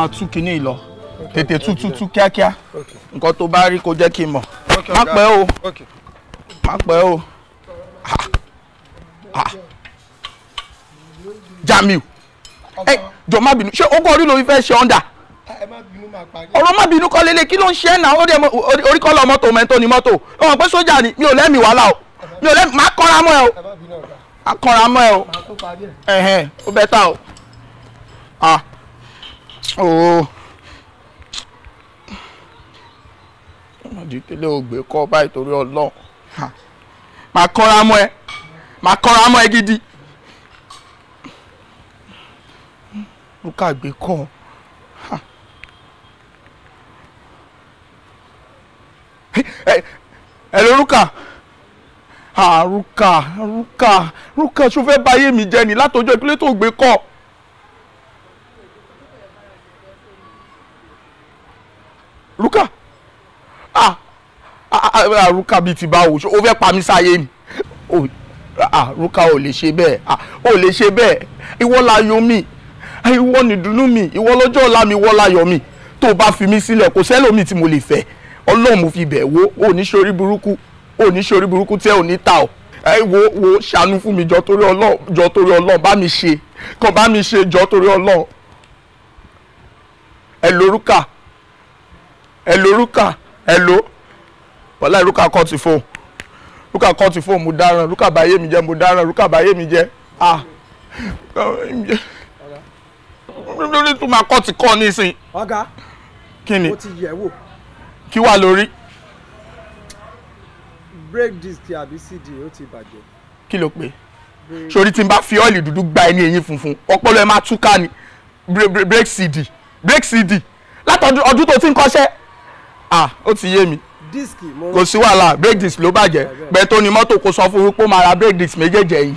ma tu kini lo tete tu tu tu kia to ba ko je ki mo ma pe o ma pe o jamiu eh jo ma binu se ogo ori fe se onda oro ma kọlele ko lele ki lo nse na ori ori ko lo moto mento ni moto o mo pe soja ni mi o le mi wala o mi o le ma kora mo e o akora mo e o eh eh o beta o o ọmọdé kele ògbé kọ báyìí torí Ọlọ́run màá kọra mọ́ ẹ màá kọra mọ́ ẹ gidi lùkà gbé kọ. ẹ ló rúkà rúkà rúkà rúkà ṣó fẹ́ báyé mi jẹ ni látọjọ́ ìpínlẹ̀ tó gbé kọ́. ruka ah ah ruka ah, ah, bíi ti báwo o fẹ́ pa mí sáyé ni o ah ruka ah, ò lè ṣe bẹ́ẹ̀ ah ò lè ṣe bẹ́ẹ̀ ìwọ láyọ̀ mi ìwọ nìdùnnú mi ìwọ lọ́jọ́ ọ̀la mi ìwọ láyọ̀ mi tó o bá fi mí sílẹ̀ kò sẹ́lòmíì tí mo lè fẹ́ ọlọ́run mo fi bẹ̀ wo oníṣorí burúkú oníṣorí burúkú tẹ́ ò ta o ẹ wo wo ṣàánú fún mi jọ torí ọlọ́run jọ torí ọlọ́run bá mi ṣe kàn bá mi ṣe jọ torí ọlọ́run ẹ lórúkà ẹ lo rúkà ẹ lo wàláì rúkà kọ́ ti fò rúkà kọ́ ti fò mo dáràn rúkà báyé mi jẹ́ mo dáràn rúkà báyé mi jẹ́ ah rúkà báyé mi jẹ́ lórí tó máa kọ́ ti kọ́ nísìn. ọ̀gá kí ni mo ti yẹ̀ wò. kí wà lórí. break disc àbí cd ó ti bàjẹ́. kí ló pé sori tí n bá fi ọ́ọ̀lì dúdú gba ẹni eyín funfun ọpọlọ ẹ máa túká ni break cd break cd látọdún ọdún tó ti ń kọ́ṣẹ́ ah ó ti yé mi kò sí wàhálà brake disc ló bàjẹ́ bẹ́ẹ̀ tó ni mọ́tò kò sọ fún wípé ó máa ra brake disc méjèèjì yìí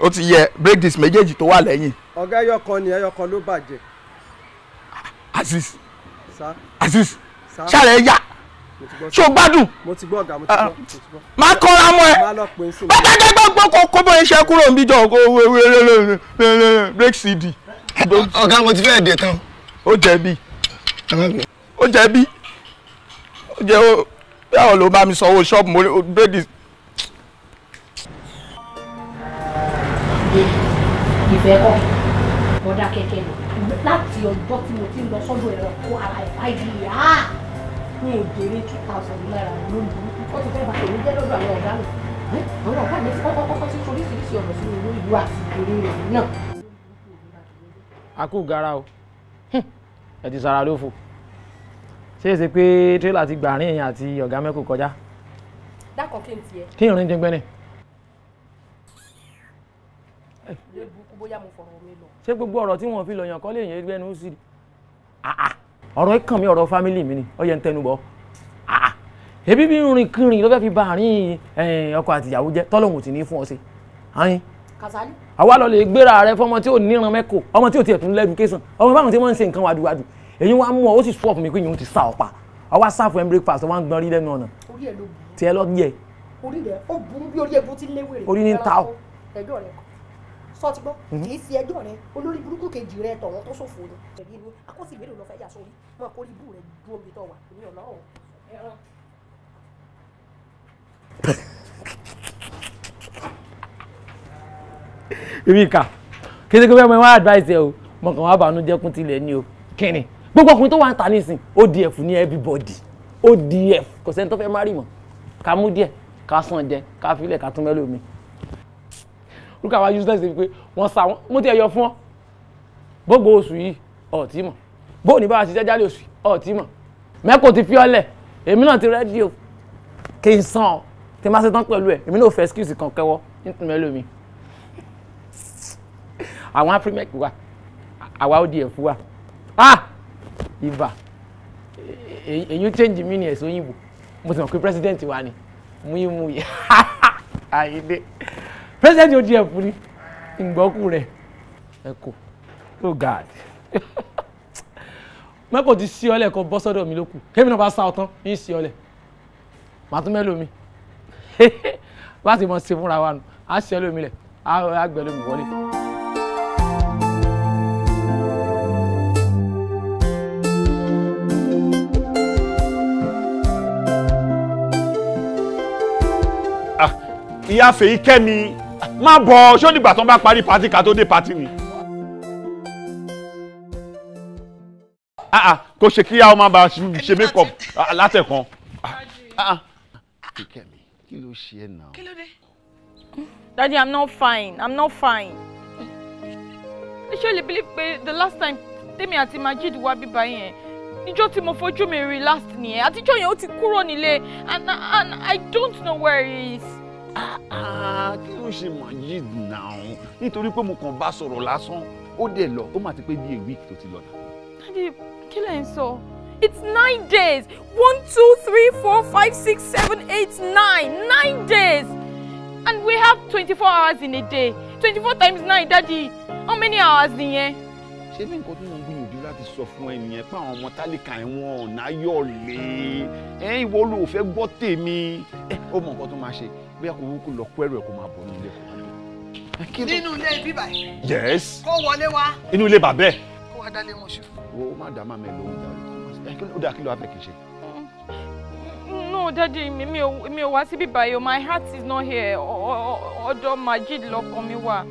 ó ti yẹ brake disc méjèèjì tó wà lẹ́yìn. ọ̀gá ẹyọkan ni ẹyọkan ló bàjẹ́. aziz aziz ṣàlẹ̀ yá
ṣó gbádùn ah, má kọ́ra mọ́ ẹ bàtà jẹ́
gbogbo kó bóyá iṣẹ́ kúrò ń bíjọ brake cd. ọ̀gá mo ti fẹ́ dé tán. ó jẹ̀bi ó jẹ̀bi jẹ́ ó báwo ló bá mi sanwó ṣọ́ọ̀bù mo bèèdì.
ìfẹ́ kọ̀
bọ́dá kẹ̀kẹ́ lọ láti ọjọ́ tí
mo ti ń lọ sọ́dọ̀ ẹ̀rọ kó ara ẹ̀ báyìí yá mi ò jèrè two thousand naira lónìí ó ti fẹ́ bá èmi
jẹ́ lọ́dọ̀ àwọn ọ̀gá mi àwọn ọ̀gá mi kọ́kọ́ kọ́kọ́ sí oríṣiríṣi ọ̀nà sínú ìlú ìlú àti ìgbèrè rẹ̀ náà.
a gara o ẹ ti sara lófo ṣé èsì pé tírélà ti gbà rìn èèyàn àti ọ̀gá mẹ́kù kọjá.
dákọ̀ kí n tiẹ̀. kí
n rìn jẹ́ gbẹ́ni. ṣé gbogbo ọ̀rọ̀ tí wọ́n fi lọ yàn kọ́ lè yẹn gbẹ́nu sí i. ọ̀rọ̀ ẹ̀ kàn ọ̀rọ̀ fámìlì mi ni ó yẹ ń tẹnu bọ̀ ebi bí rìn kiri ló fẹ́ fi ba àárín ọkọ àtìyàwó jẹ́ tọ́lọ́hùn ti ní fún ọ sí i àwa lọ lè gbéra rẹ fọmọ tí ò níran mẹ́kò ọmọ tí ò tiẹ̀ tún lẹ́dùn kéṣàn ọmọ báwọn tí wọ́n ń ṣe nǹkan wàdùwàdù èyí wá mú ọ ó sì sọ fún mi pé yìí ó ti sá ọ pa ọ wá sáfù ẹ breakfast wá ń gbọ́n rí lẹ́nu ọ̀nà tiẹ̀ lọ yẹ. orí rẹ ó burú bí orí ebu ti léwèrè. orí ni ta ọ. ẹjọ́ rẹ kọ sọ ti gbọ́
mhm. kì í sí ẹjọ́ rẹ olórí burúkú kejì rẹ tọ̀wọ́n tó ṣòfò ni pẹ̀lú ìlú
akọ́sí ìbéèrè lọ́fẹ́ yà sórí mọ́ kó rí ibú rẹ dúró bí tọ̀ wà ní ọ̀nà ọ̀hún. èmi kà kí ni kí wọ́n máa advice ẹ o mọ̀kàn wá bànújẹ́ kún tilẹ̀ ni o kíni gbogbo ọkùnrin tó wà ń ta nísìn odf ní everybody odf kò sẹ́ni tó fẹ́ má rí mọ́ ká mú díẹ̀ ká sàn jẹ ká filẹ̀ ká tún mẹ́lò mi. orúkọ àwọn useless ni pé wọ́n sa wọn mo ti ẹ̀ yọ fún ọ gbogbo oṣù yìí ọ̀ọ́tì mọ̀ bó ní bá a ṣiṣẹ́ jálè oṣù ọ̀ọ́tì mọ̀ mẹ́kò ti fi ọ́ lẹ̀ èmi náà ti rẹ́díò kí n sàn ọ́ tí n bá ṣe tán pẹ̀lú ẹ̀ èmi náà fẹ́ excuse kan kẹ́wọ́ nítorí mẹ́lò mi. àwọn afrimec wa àwa odf wa ah ibà èyí e-, e-, change mí ni ẹ̀sọ́ òyìnbó mo sì mọ̀ pé president wa ni múyìmúyì *laughs* àyèdè president yóò di ẹ̀ fún ni ìgbọ́kù rẹ̀ ẹ kò oh god *laughs* mẹ́kọ̀ọ́ ti sí ọlẹ̀ kan bọ́ sọ́dọ̀ mi lókù kémi náà bá sá ọtán ní sí ọlẹ̀ màá tún mẹ́lòmí *laughs* bá ti mọ̀ ṣe fúnra wa nù á sí ọlẹ́mi lẹ̀ á gbẹ́lómi wọlé. ìyá fèyí kẹ́mi má bọ̀ ṣó dìgbà tó ń bá parí pàtí ká tó dé pàtí ni. Ah, ah, kò ṣe kí àwọn máa bá ṣe makeup ah, látẹ̀kan. kẹ́mi kí ló ṣe ẹ́ náà. kí ló dé.
Hmm? Daddy, I'm not fine. I'm not fine. I surely believe pé the last time Tèmi àti Majid wá bí báyìí yẹn. Níjọ́ tí mo fojú mi rí last nìyẹn. Àtijọ́ yẹn ó ti kúrò nílé and and I don't know where he is. Ah,
kí ló ṣe Majid náà nítorí pé mo kàn bá sọ̀rọ̀ lásán ó dẹ̀ lọ ó mà ti pé bíi a week tó ti lọ náà.
dadi kí lẹ̀ ń sọ it's nine days one two three four five six seven eight nine nine days and we have twenty-four hours in a day twenty-four times nine dadi how many hours nìyẹn.
ṣé ní nǹkan tó ń gbìyànjú láti sọ fún ẹnìyẹn pé àwọn ọmọ tálíkà ẹ̀wọ̀n náyọ̀ lé ẹ̀ ìwọ ló fẹ́ gbọ́ tèmi ẹ̀ ó mọ nǹkan tó máa ṣe bóyá kò wúkú lọ kó ẹrù ẹ kó máa bọ̀ nílé kó máa nínú ilé bíbà yìí. yes.
kó wọlé wá. inú ilé bàbá kó wá dálé mọṣú.
wo má dá má mẹ lóhùn dáre ó dáa kí ló wá fẹ́ kí n ṣe.
no daddy mi mi ò mi ò wá síbí báyìí o my heart is not here ọ̀dọ̀ Majid lọ́kàn mi wà.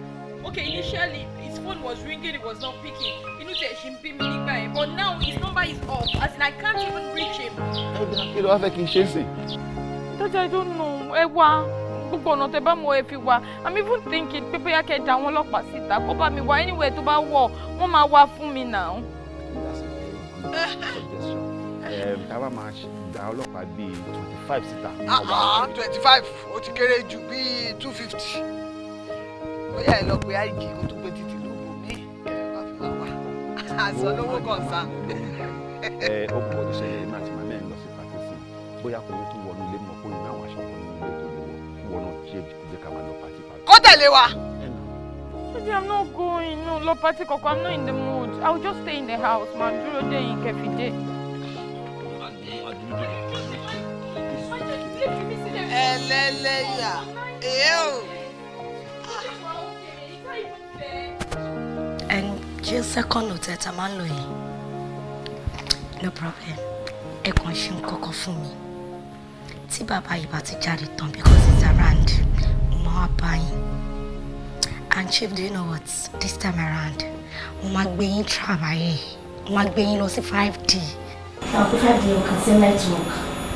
okay initially his phone was ringing it was not picking inú tẹ̀ ṣì ń bí mi nígbà yẹn but now his number is off as in I can't even reach him. ẹ dáa
kí ló wá fẹ́ kí n ṣe é sìn.
Daddy, I don't know. Ẹ wá gbogbo ọ̀nà tẹ bá mọ ẹ fi wá. I'm even thinking pé bóyá kẹ́ da àwọn ọlọ́pàá síta kó bá mi wá anywhere tó bá wọ̀ wọ́n máa wá fún mi now. That's a very good
suggestion. Táwa máa gba ọlọ́pàá bíi twenty five síta. Ah, ah, twenty five ó ti kéré ju bíi two fifty. Bóyá ẹ lọ pé àìjì kó tó gbé títì lóògùn mi. Wà fi wá wá. Àṣọ *laughs* lówó kọ̀ọ̀sán. Ó kọ̀ ọ́ tó ṣẹlẹ̀ ní àtìmọ́ mẹ́rin lọ sí pàtẹ́sì. Bóyá kò ní kú w
kó tẹ̀lé wa. Daddy, I'm not going. No, no party Coco. I'm not in the mood. I will just stay in the house, ma. Dúró dé yín kẹfì dé.
Ẹlẹ́lẹ́yà. Ẹ
And just second note tá a máa No problem. Ẹ kàn ṣe for me. See, Baba Tí about to bá it jáde because it's around máa bá yín and chief do you know what this time around mo máa gbé yín travel yìí mo máa gbé yín lọ sí five d. na pé five d o kàn sí network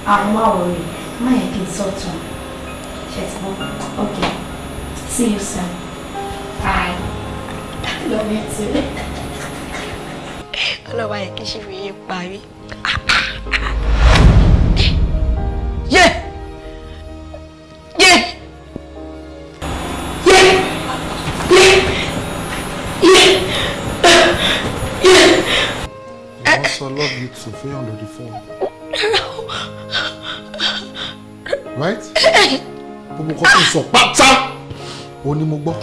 àwọn ah, máa wọlé má yẹ kí n sọ̀tún ṣe ti mọ́ ok see you soon bye love you too. ọlọ́wà yẹ kí ṣe fi yé parí.
yeah.
Sophia on the phone. Right? *coughs* Gbogbo nǹkan tó sọ pátá òun ni mo gbọ́.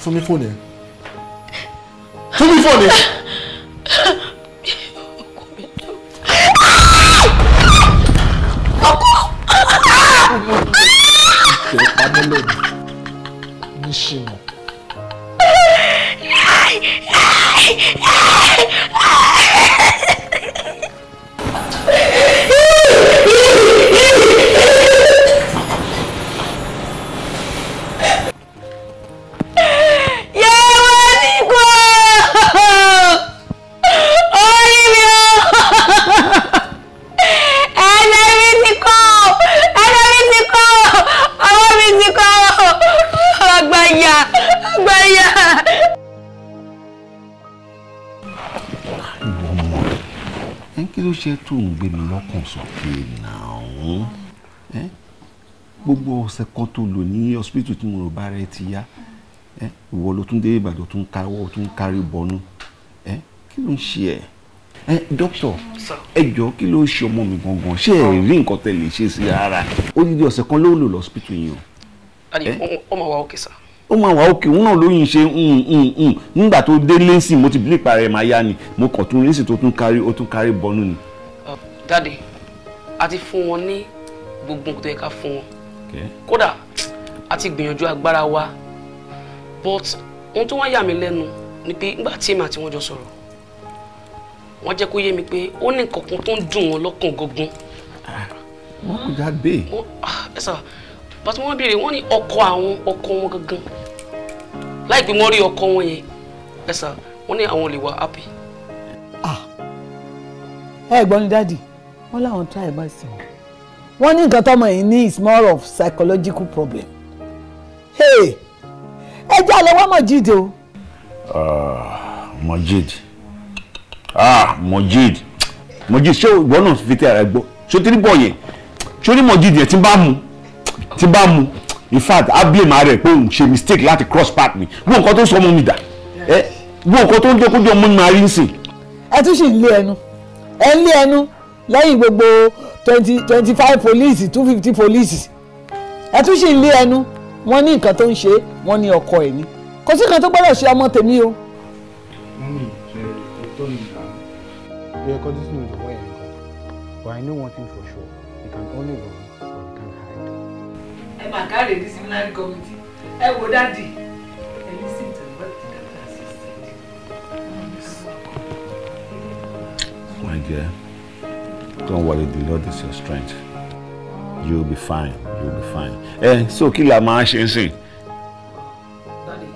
Fún mi fóònù me Fún mi fóònù yẹn. ọ̀sẹ̀ kan tó lò ní hospital tí mo rò bá rẹ ti yá ìwọ ló tún dé ìbàdàn tó ń káwọ́ tó ń kárí bọnú kí ló ń ṣe ẹ ẹ dókítà ẹ jọ kí ló ṣe ọmọ mi gangan ṣé ẹ rí nǹkan tẹ́ lè ṣe sí ara ó dídí ọ̀sẹ̀ kan ló lò lọ́sípítù yìí o. adi ó máa wà òkè sá. ó máa wà òkè òun náà lóyún ṣe mm, mm, mm. nígbà tó dé lẹ́sìn mo ti bí nípa rẹ̀ máa yá ni mo kàn tún lẹ́sìn tó tún kárí ó tún kárí bọnú ni. dadi a ti fún wọn ní gbogbo nǹkan tó yẹ ká fún wọn kódà a ti gbìyànjú agbára wa but ohun tó wọ́n yà mí lẹ́nu ni pé nígbà tí èmi àti wọn jọ sọ̀rọ̀ wọ́n jẹ́ kó yé mi pé ó ní nǹkan kan tó ń dùn wọn lọ́kàn gangan. wọn kò já dé. ẹ sà bàtí wọ́n béèrè wọ́n ní ọkọ àwọn ọkọ wọn gangan láìpẹ́ wọ́n rí ọkọ wọn yẹn ẹ sà wọ́n ní àwọn lè wà happy. Ah. ẹ gbọ́n ní dáàdì wọ́n láwọn try ẹ̀gbọ́n ìsìn wọn wọ́n ní nǹkan tọ́mọ yìí ní is more of psychological problem ẹ jẹ́ àlọ́ wá Mojid o. Mojid ah Mojid ah, Mojid ṣé ìwọ náà fi ti ara gbọ́ ṣé tí ní bọ̀ yẹn ṣé ní Mojid yẹn ti bá mu ti bá mu in fact i blame ara ẹ pé òun ṣe mistake láti cross path mi wọ́n nǹkan tó sọ ọmọ mi dà ẹ wọ́n nǹkan tó ń jẹ́ kó jẹ́ ọmọ mi máa rí nsìn. ẹ tún ṣì ń lé ẹnu ẹ ń lé ẹnu lẹ́yìn gbogbo twenty twenty five police two fifty police ẹ tún sì ń lé ẹnu wọ́n ní nǹkan tó ń ṣe wọ́n ní ọkọ ẹ̀ ni kò sí nǹkan tó gbọ́dọ̀ ṣe ọmọ tèmi o.
mọ́mí ṣe ọ̀tọ̀ nìkan. we are continuing with the way we go but i know one thing for sure we can only run but we can't
hide. ẹ mà káre disciplinary committee ẹ wo dáàdì ẹ listen
to what the doctor has
said. my dear. Don't worry, the Lord is your strength. You'll be fine. You'll be fine. Eh, so kí la máa ṣe ń sìn? Dàdí,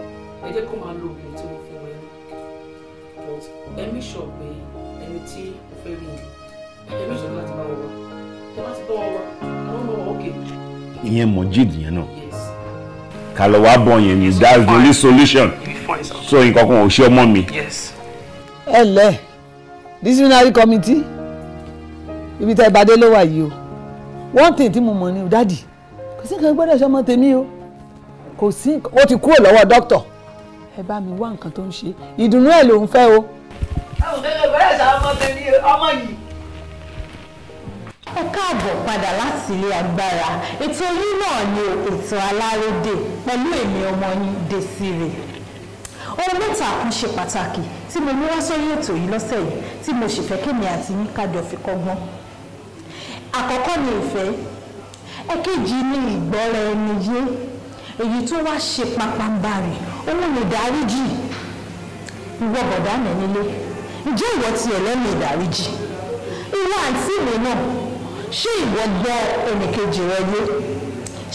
ẹ jẹ́ kó máa lo obìnrin tí mo fi wẹ̀ ẹ́. But ẹ mí sọ ni. Ẹ mí sọ pé láti Ìyẹn mọ̀ jíìdì yẹn náà. Kà lọ bọ̀ yẹn ni that's the only solution. So nǹkan kan ò ṣe ọmọ mi. Ẹ lẹ̀, disciplinary committee ibi tẹ́ ẹ bá dé ló wà yìí o one thing tí mo mọ̀ ni o dáàdì kò sí nǹkan gbọ́dọ̀ ṣọmọ tèmi o kò sí o ti kúrò lọ́wọ́ dókítà ẹ bá mi wá nǹkan tó ń ṣe ìdùnnú ẹ̀ ló ń o. àwọn òṣèlú ìbẹ̀rẹ̀ ṣàmọ́ tèmi ọmọ yìí ẹ káàbọ̀ padà láti ilé agbára ètò yìí náà ni ètò alárédè pẹ̀lú èmi ọmọ yín Desire
ohun mẹ́ta kan ṣe pàtàkì tí mo ní wá sórí ètò yìí lọ́sẹ̀ yìí tí mo sì fẹ́ kémi àti yín kájọ fi kọ́gbọ́n àkọ́kọ́ ni ìfẹ́ ẹ̀kejì ni ìgbọ́ra ẹni yé èyí tó wá ṣe papambarì òun ni ìdáríjì ìwọ bọ̀dá mi nílé ǹjẹ́ ìwọ tiẹ̀ lẹ́nu ìdáríjì ìwọ àǹtí mi náà ṣé ìwọ gbọ́ ẹnìkejì rẹ lé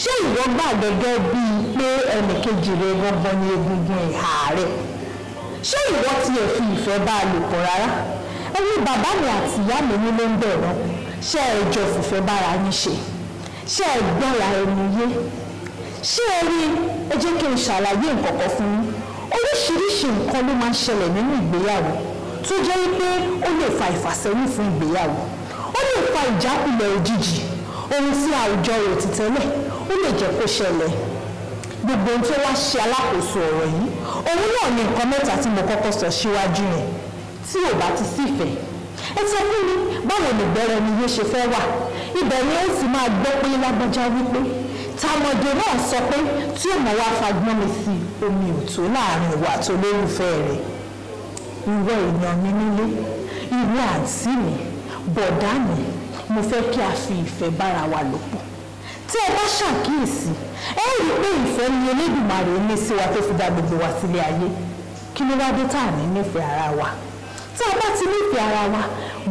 ṣé ìwọ gbà gẹ́gẹ́ bíi pé ẹnìkejì rẹ gbọ́ngbọ́n ní egungun ìhà rẹ ṣé ìwọ tiẹ̀ fi ìfẹ́ bá a lò pọ̀ rárá ẹni bàbá
mi àti ìyá mi nílé ń bẹ̀rẹ̀ ṣé ẹ jọ fìfẹ́ bára yín ṣe ṣé ẹ gbọ́ra ẹni yé ṣé ẹ rí ẹ jẹ́ kí n ṣàlàyé nǹkan kan fún yín oríṣiríṣi nǹkan ló máa ń ṣẹlẹ̀ nínú ìgbéyàwó tó jẹ́ wípé ó lè fa
ìfàsẹ́yìn fún ìgbéyàwó ó lè fa ìjákulẹ̀ òjijì ohun tí àwùjọ rò ti tẹ́lẹ̀ ó lè jẹ́ kó ṣẹlẹ̀ gbogbo ohun tó wá ṣe alákòóso ọ̀rọ̀ yìí òun náà ni nǹkan mẹ́ta tí mo kọ́kọ́ sọ síwájú yẹn tí ò bá ti sífẹ̀ẹ́ ẹ
sọ fún mi báwo ni ìbẹ̀rẹ̀ ni yóò ṣe fẹ́ wà ibẹ̀ ni ó sì máa gbọ́ pé lágbájá wípé tàmọ̀dé náà sọ pé tí òmò wa fagbọ́n mi sí omi ò tó láàrin
ìwà tó lólùfẹ́ rẹ̀ ìwọ èèyàn mi nílé ìwọ
àǹtí mi bọ̀dá mi mo fẹ́ kí a fi ìfẹ́ bára wa lò pọ̀ tí ẹ bá ṣàkíyèsí ẹ rí i pé ìfẹ́ ni Elédùmarè ní sí wa tó fi dá gbogbo wa sílé ayé kí ló wá dé tá à ní nífẹ̀ẹ́ ara wa tá a bá ti nífẹ̀ẹ́ ara wa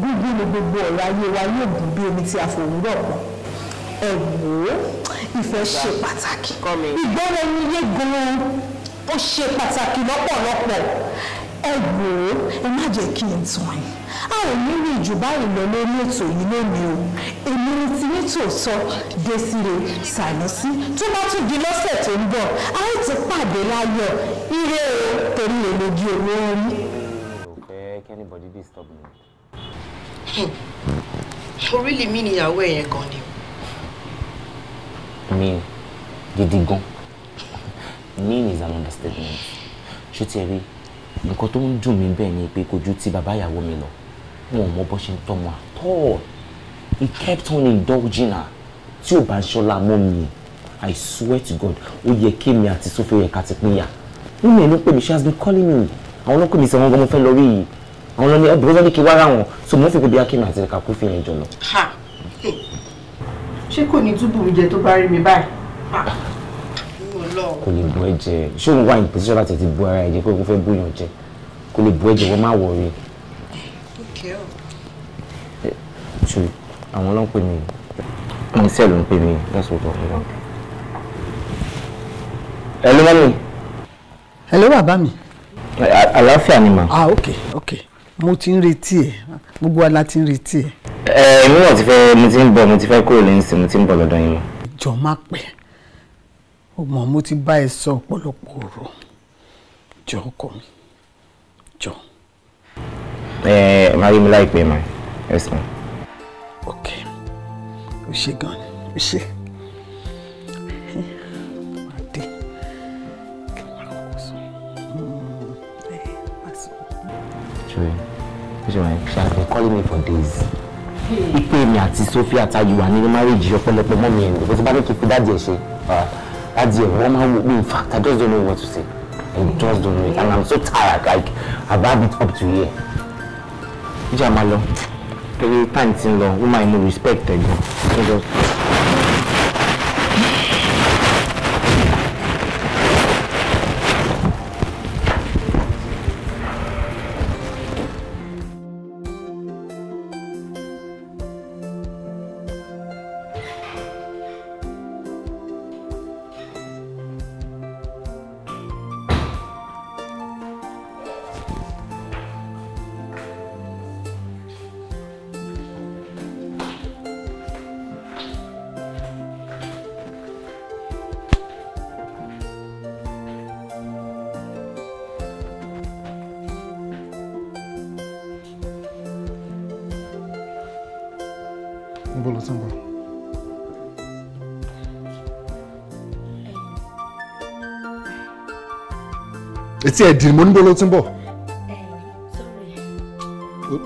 gbogbo ni gbogbo ọ̀rọ̀ ayé wa yóò gùn bí omi tí a fòwúrọ̀ pọ̀ ẹ wò ó
ìfẹ́ ṣe pàtàkì ìgbọ́ra
ẹni yé gan-an ó ṣe pàtàkì
lọ́pọ̀lọpọ̀ ẹ
wò ó ẹ má jẹ́ kí n tàn yín a ò ní rí ìjù báyìí lọ lórí ètò yìí lónìí o èmi ni ti ní tòótọ́ Désiré Sànúsí tó bá tún di lọ́sẹ̀ tó ń bọ̀ a ó ti pàdé láyọ̀ ire
o torí èlòdì olórí anybody disturb me.
Hmm. orílẹ̀ oh, mi nìyàwó ẹ̀ yẹn gan ni
o. mi gidi gan mean is an understatement ṣó tiẹ̀ rí nǹkan tó ń dùn mí bẹ́ẹ̀ ni pé kò ju ti bàbá ìyàwó mi lọ wọn ò mọ bó ṣe ń tọ́mọ at all he kept on indulging her tí ò bá ń ṣọlá mọ́ mi i swear to god ó yẹ kí mi àti sófin yẹ ká ti pínyà nínú ẹ̀ ló pè mí she has been calling me àwọn ọlọ́pàá mi sọ wọn gan mo fẹ́ lọ rí yìí àwọn lọ ní ẹbùrú lọ ní kí wára wọn so mo fi gbé bí akínú àti kakú fi yẹn jọ lọ. ṣé kò ní túbù mi jẹ tó bá rí mi báyìí. kò lè bu ẹ̀jẹ̀ ṣé òun wà ní pòsíṣọ́ láti ti bu ara ẹ̀jẹ̀ pé òun fẹ́ bóyàn jẹ kò lè bu ẹ̀jẹ̀ wọ́n má wọrí. ṣe àwọn ló pè mí ní sẹ́ẹ̀ ń pè mí lọ́sọ̀ tó ń lọ. ẹ ló mọ́ wà bá mi. àlàáfíà ni mà. ah ok ok mo ti ń retí ẹ gbogbo wa la ti ń retí ẹ. ẹ èmi náà ti fẹ́ mo ti ń bọ̀ mo ti fẹ́ kúrò lẹ́yìn sí mo ti ń bọ̀ lọ́dọ̀ yín ìjọ má pẹ́ o mọ̀ mo ti bá ẹ sọ ọ̀pọ̀lọpọ̀ ọ̀rọ̀ jọ ọkọ mi jọ. ẹ ẹ máa rí mi láìpẹ́ mà ẹ sàn. ok o ṣe gan ni o ṣe.
Hmm, True been calling me
for days. ipe mi àti Sophia tayuwa nínú marriage ọ̀pọ̀lọpọ̀ mọ́ mi ẹ̀ nígbà tí bá ní kí n fi dáàdì ẹ̀ ṣe ah, dáàdì ẹ̀ wọ́n máa ń wò mí in fact I just don't know what to say I just don't know it and I'm so tired like I've had it up to here. ìjà máa lọ torí time ti ń lọ woman inú respect ẹ̀ gan. tí ẹ dì mọ́ níbo ló ti ń bọ̀.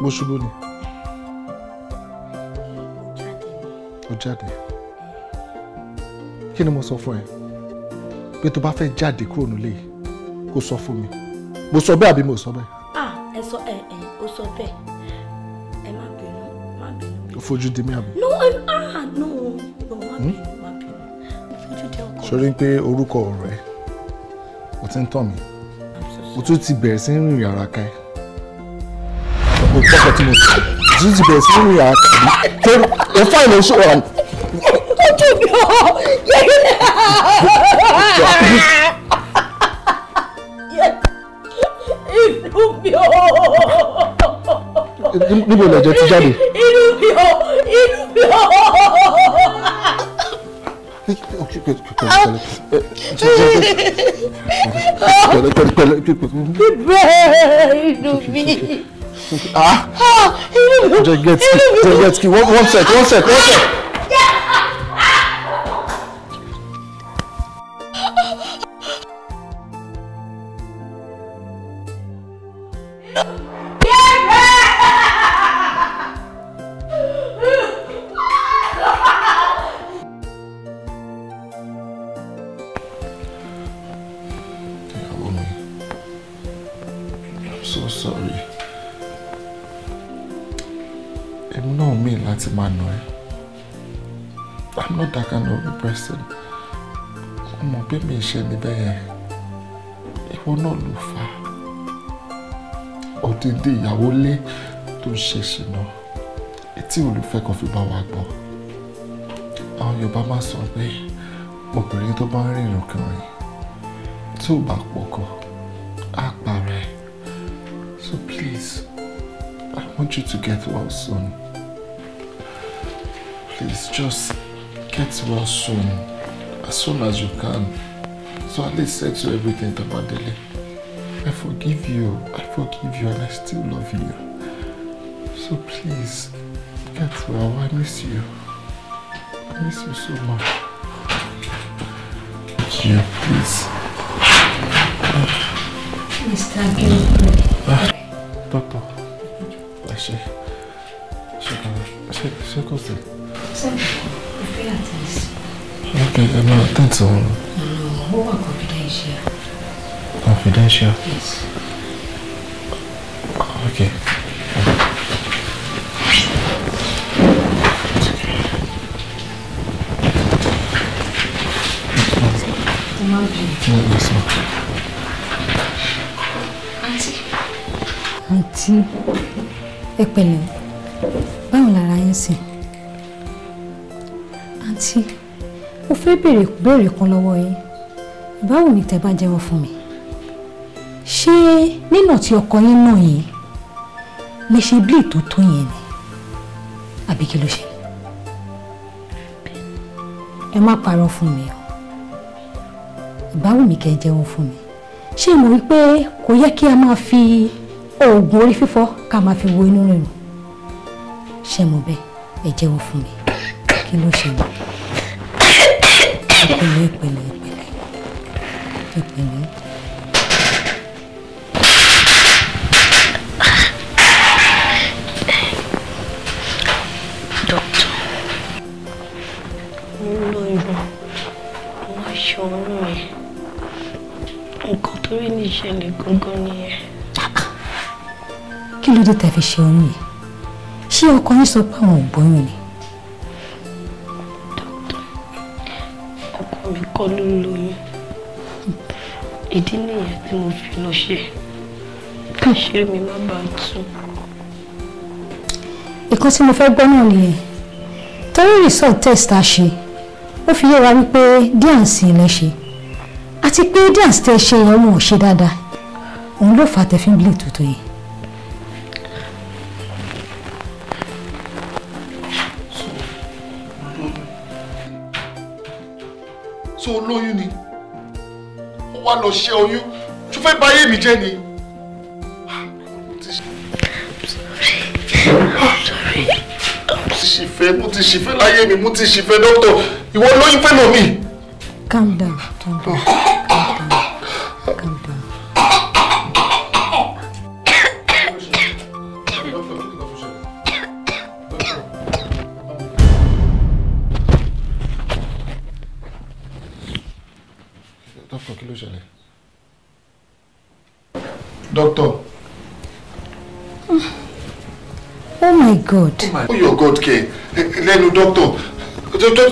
mo ṣubú ni. ó jáde. kí ni mo sọ fún ẹ pé tó bá fẹ́ jáde kúrò nílé yìí kó sọ fún mi mo sọ bẹ́ẹ̀ àbí mo sọ bẹ́ẹ̀.
ah ẹ sọ ẹ ẹ ó sọ bẹ́ẹ̀ ẹ má bínú
má bínú. o fojú di mí àbí.
no ah no no má bínú má hmm?
bínú mo fojú di ọkọ. sori pé orúkọ ọ̀rẹ́ o ti ń tàn mí mo ti bẹ̀rẹ̀ sí rìnrìn ara ká ẹ. ti bẹ̀rẹ̀ sí rìnrìn ara ká mi tó fà ìlú oṣù ọ̀ràn.
ojú mi ò yẹ́yẹ́ náà. mi ò.
níbo lẹ̀jẹ̀ ti jáde. pẹ̀lẹ́ pẹ̀lẹ́ pẹ̀lẹ́
bíbẹ́ inú mi ah inú mi inú mi.
jẹ get key one sec one sec one sec.
tó back Boko. á so please I want you to get well soon please just get well soon as soon as you can so at least to everything tamadele I forgive you I forgive you and I still love you so please
get well I miss you I miss you so much. Yeah, please. Papa. Așa. Așa că... Așa, așa cum se... Ok, no, that's all.
No, no, confidential.
Confidential? Yes. Okay. Thank you.
àǹtí ẹ pẹ̀lẹ́ báwo lára yín sìn àǹtí mo fẹ́ béèrè béèrè kan lọ́wọ́ yín báwo ni tẹ́ bá jẹ́wọ́ fún mi ṣé nínà tí ọkọ yín náà yìí lè ṣe bí ètò tó yẹn ni àbí kí ló ṣe ẹ má parọ́ fún mi o ìbáwò mi kẹ́ ẹ jẹ́wọ́ fún mi ṣé mo rí pé kò yẹ kí a máa fi oògùn orí fífọ́ ká máa fi wo inú rírun ṣe mo bẹ́ẹ̀ ẹ jẹ́wọ́ fún mi kí ló ṣe mọ́ ìpínlẹ̀ ìpínlẹ̀ ìpínlẹ̀ ìpínlẹ̀.
nǹkan tó rí ní ìṣẹ̀lẹ̀
gangan nìyẹn
kí ló dé tẹ́ fi ṣe oyún yẹn ṣé ọkọ yín sọ pé àwọn ò bóyún ni.
ọkọ mi kọ́ ló ń lóyún ìdí nìyẹn tí mo fi lọ ṣe káṣírí mi má bàa tú.
ìkan tí mo fẹ́ gbọ́ náà nìyẹn torí result test a ṣe ó fi yé wa wípé díàǹsì ilẹ̀ ṣe àti pé díàǹsì tẹ ṣe ìyẹn wọn ò ṣe dáadáa òun ló fà á tẹ fi ń bleed tuntun yìí.
wá lọ ṣe oyún tó fẹ́ báyé mi jẹ́ ni. mo ti ṣìfẹ́ mo ti ṣìfẹ́ láyé mi mo ti ṣìfẹ́ dókítà ìwọ lóyún fẹ́ lómi.
calm down calm down. Ah. doctor. oh my god.
oh, oh your god kẹ lẹ́nu doctor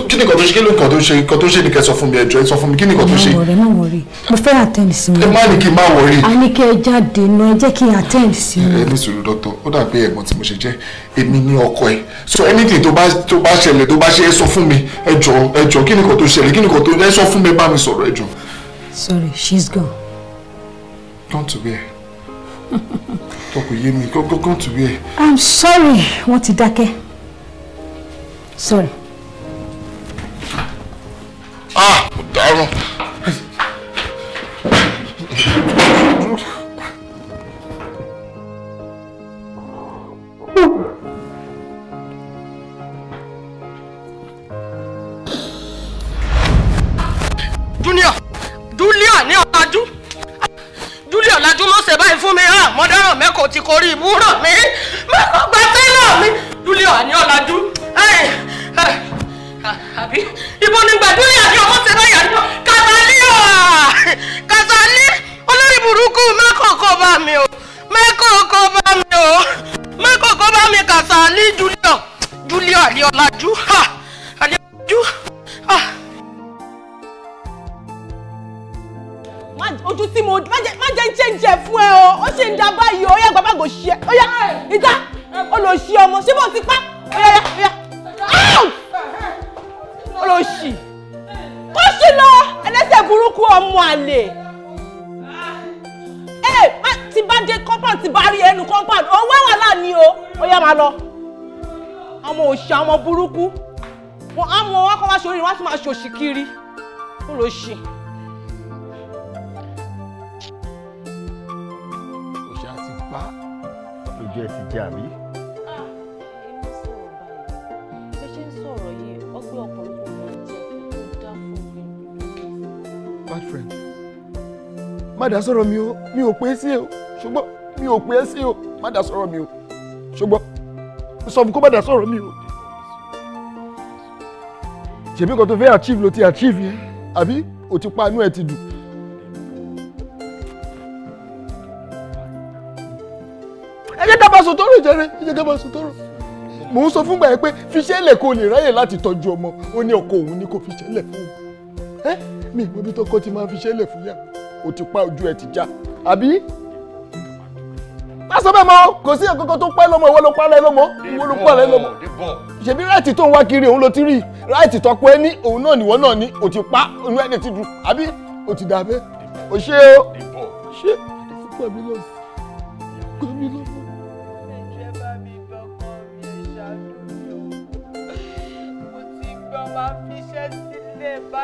kí ni nǹkan tó ṣe kí ló nǹkan tó to nǹkan tó ṣe nìkan sọ fún mi ẹjọ ẹ sọ fún mi kí ni nǹkan tó ṣe. ọ̀rẹ́
má wọrí mo fẹ́ attend sí wọn. ẹ má ní kí n má wọrí. a ní kí ẹ jáde nu ẹ jẹ́ kí n attend sí wọn. ẹ ní sùúrù dọ́tọ̀ ó dà pé ẹ̀gbọ́n tí mo ṣe jẹ́ èmi
ní ọkọ ẹ so anything tó bá tó bá ṣẹlẹ̀ tó bá ṣe ẹ sọ fún mi ẹ jọ ẹ jọ kí ni nǹkan ṣẹlẹ̀ kí ni nǹkan ẹ sọ fún mi bá mi sọ̀rọ̀ ẹ jọ.
sorry she's gone. don't
to be here ọkọ̀ yé mi gọ́gọ́gọ́ tù ú ẹ̀.
i'm sorry What did dákẹ́ sorry.
ah
má dá sọ̀rọ̀ mi o mi ò pè é sí o ṣùgbọ́n mi ò pè é sí o má sọ̀rọ̀ mi o ṣùgbọ́n sọ fún kó má sọ̀rọ̀ mi o. ṣèbí kan tó fẹ́ achieve ló ti achieve yẹn àbí o ti pa inú ẹ ti dùn. ẹ jẹ́ ká bá sọ tọrọ jẹrẹ ẹ jẹ́ ká bá sọ tọrọ mò ń sọ fún gbàyẹ pé fiṣẹ́ lẹ̀ lè ráyè láti tọ́jú ọmọ ó ní ọkọ òun ní kò fiṣẹ́ fún un ẹ mi ìmọ̀ bí tọkọ ti máa fiṣẹ́ fún yàrá o ti pa ojú ẹ ti já àbí. lásán bẹ́ẹ̀ mọ kò sí ẹ̀kọ́kọ́ tó pẹ́ lọ́mọ ìwọ ló parẹ́ lọ́mọ ìwọ ló parẹ́ lọ́mọ. ṣèbí ráìtì tó ń wá kiri òun ló ti rí ráìtì tó pé ní òun náà nìwọ náà ni o ti pa òun ẹni ti dùn àbí o ti dà o ṣe o ṣe
gbà mí lọ gbà mí lọ. ẹ̀jẹ̀ bá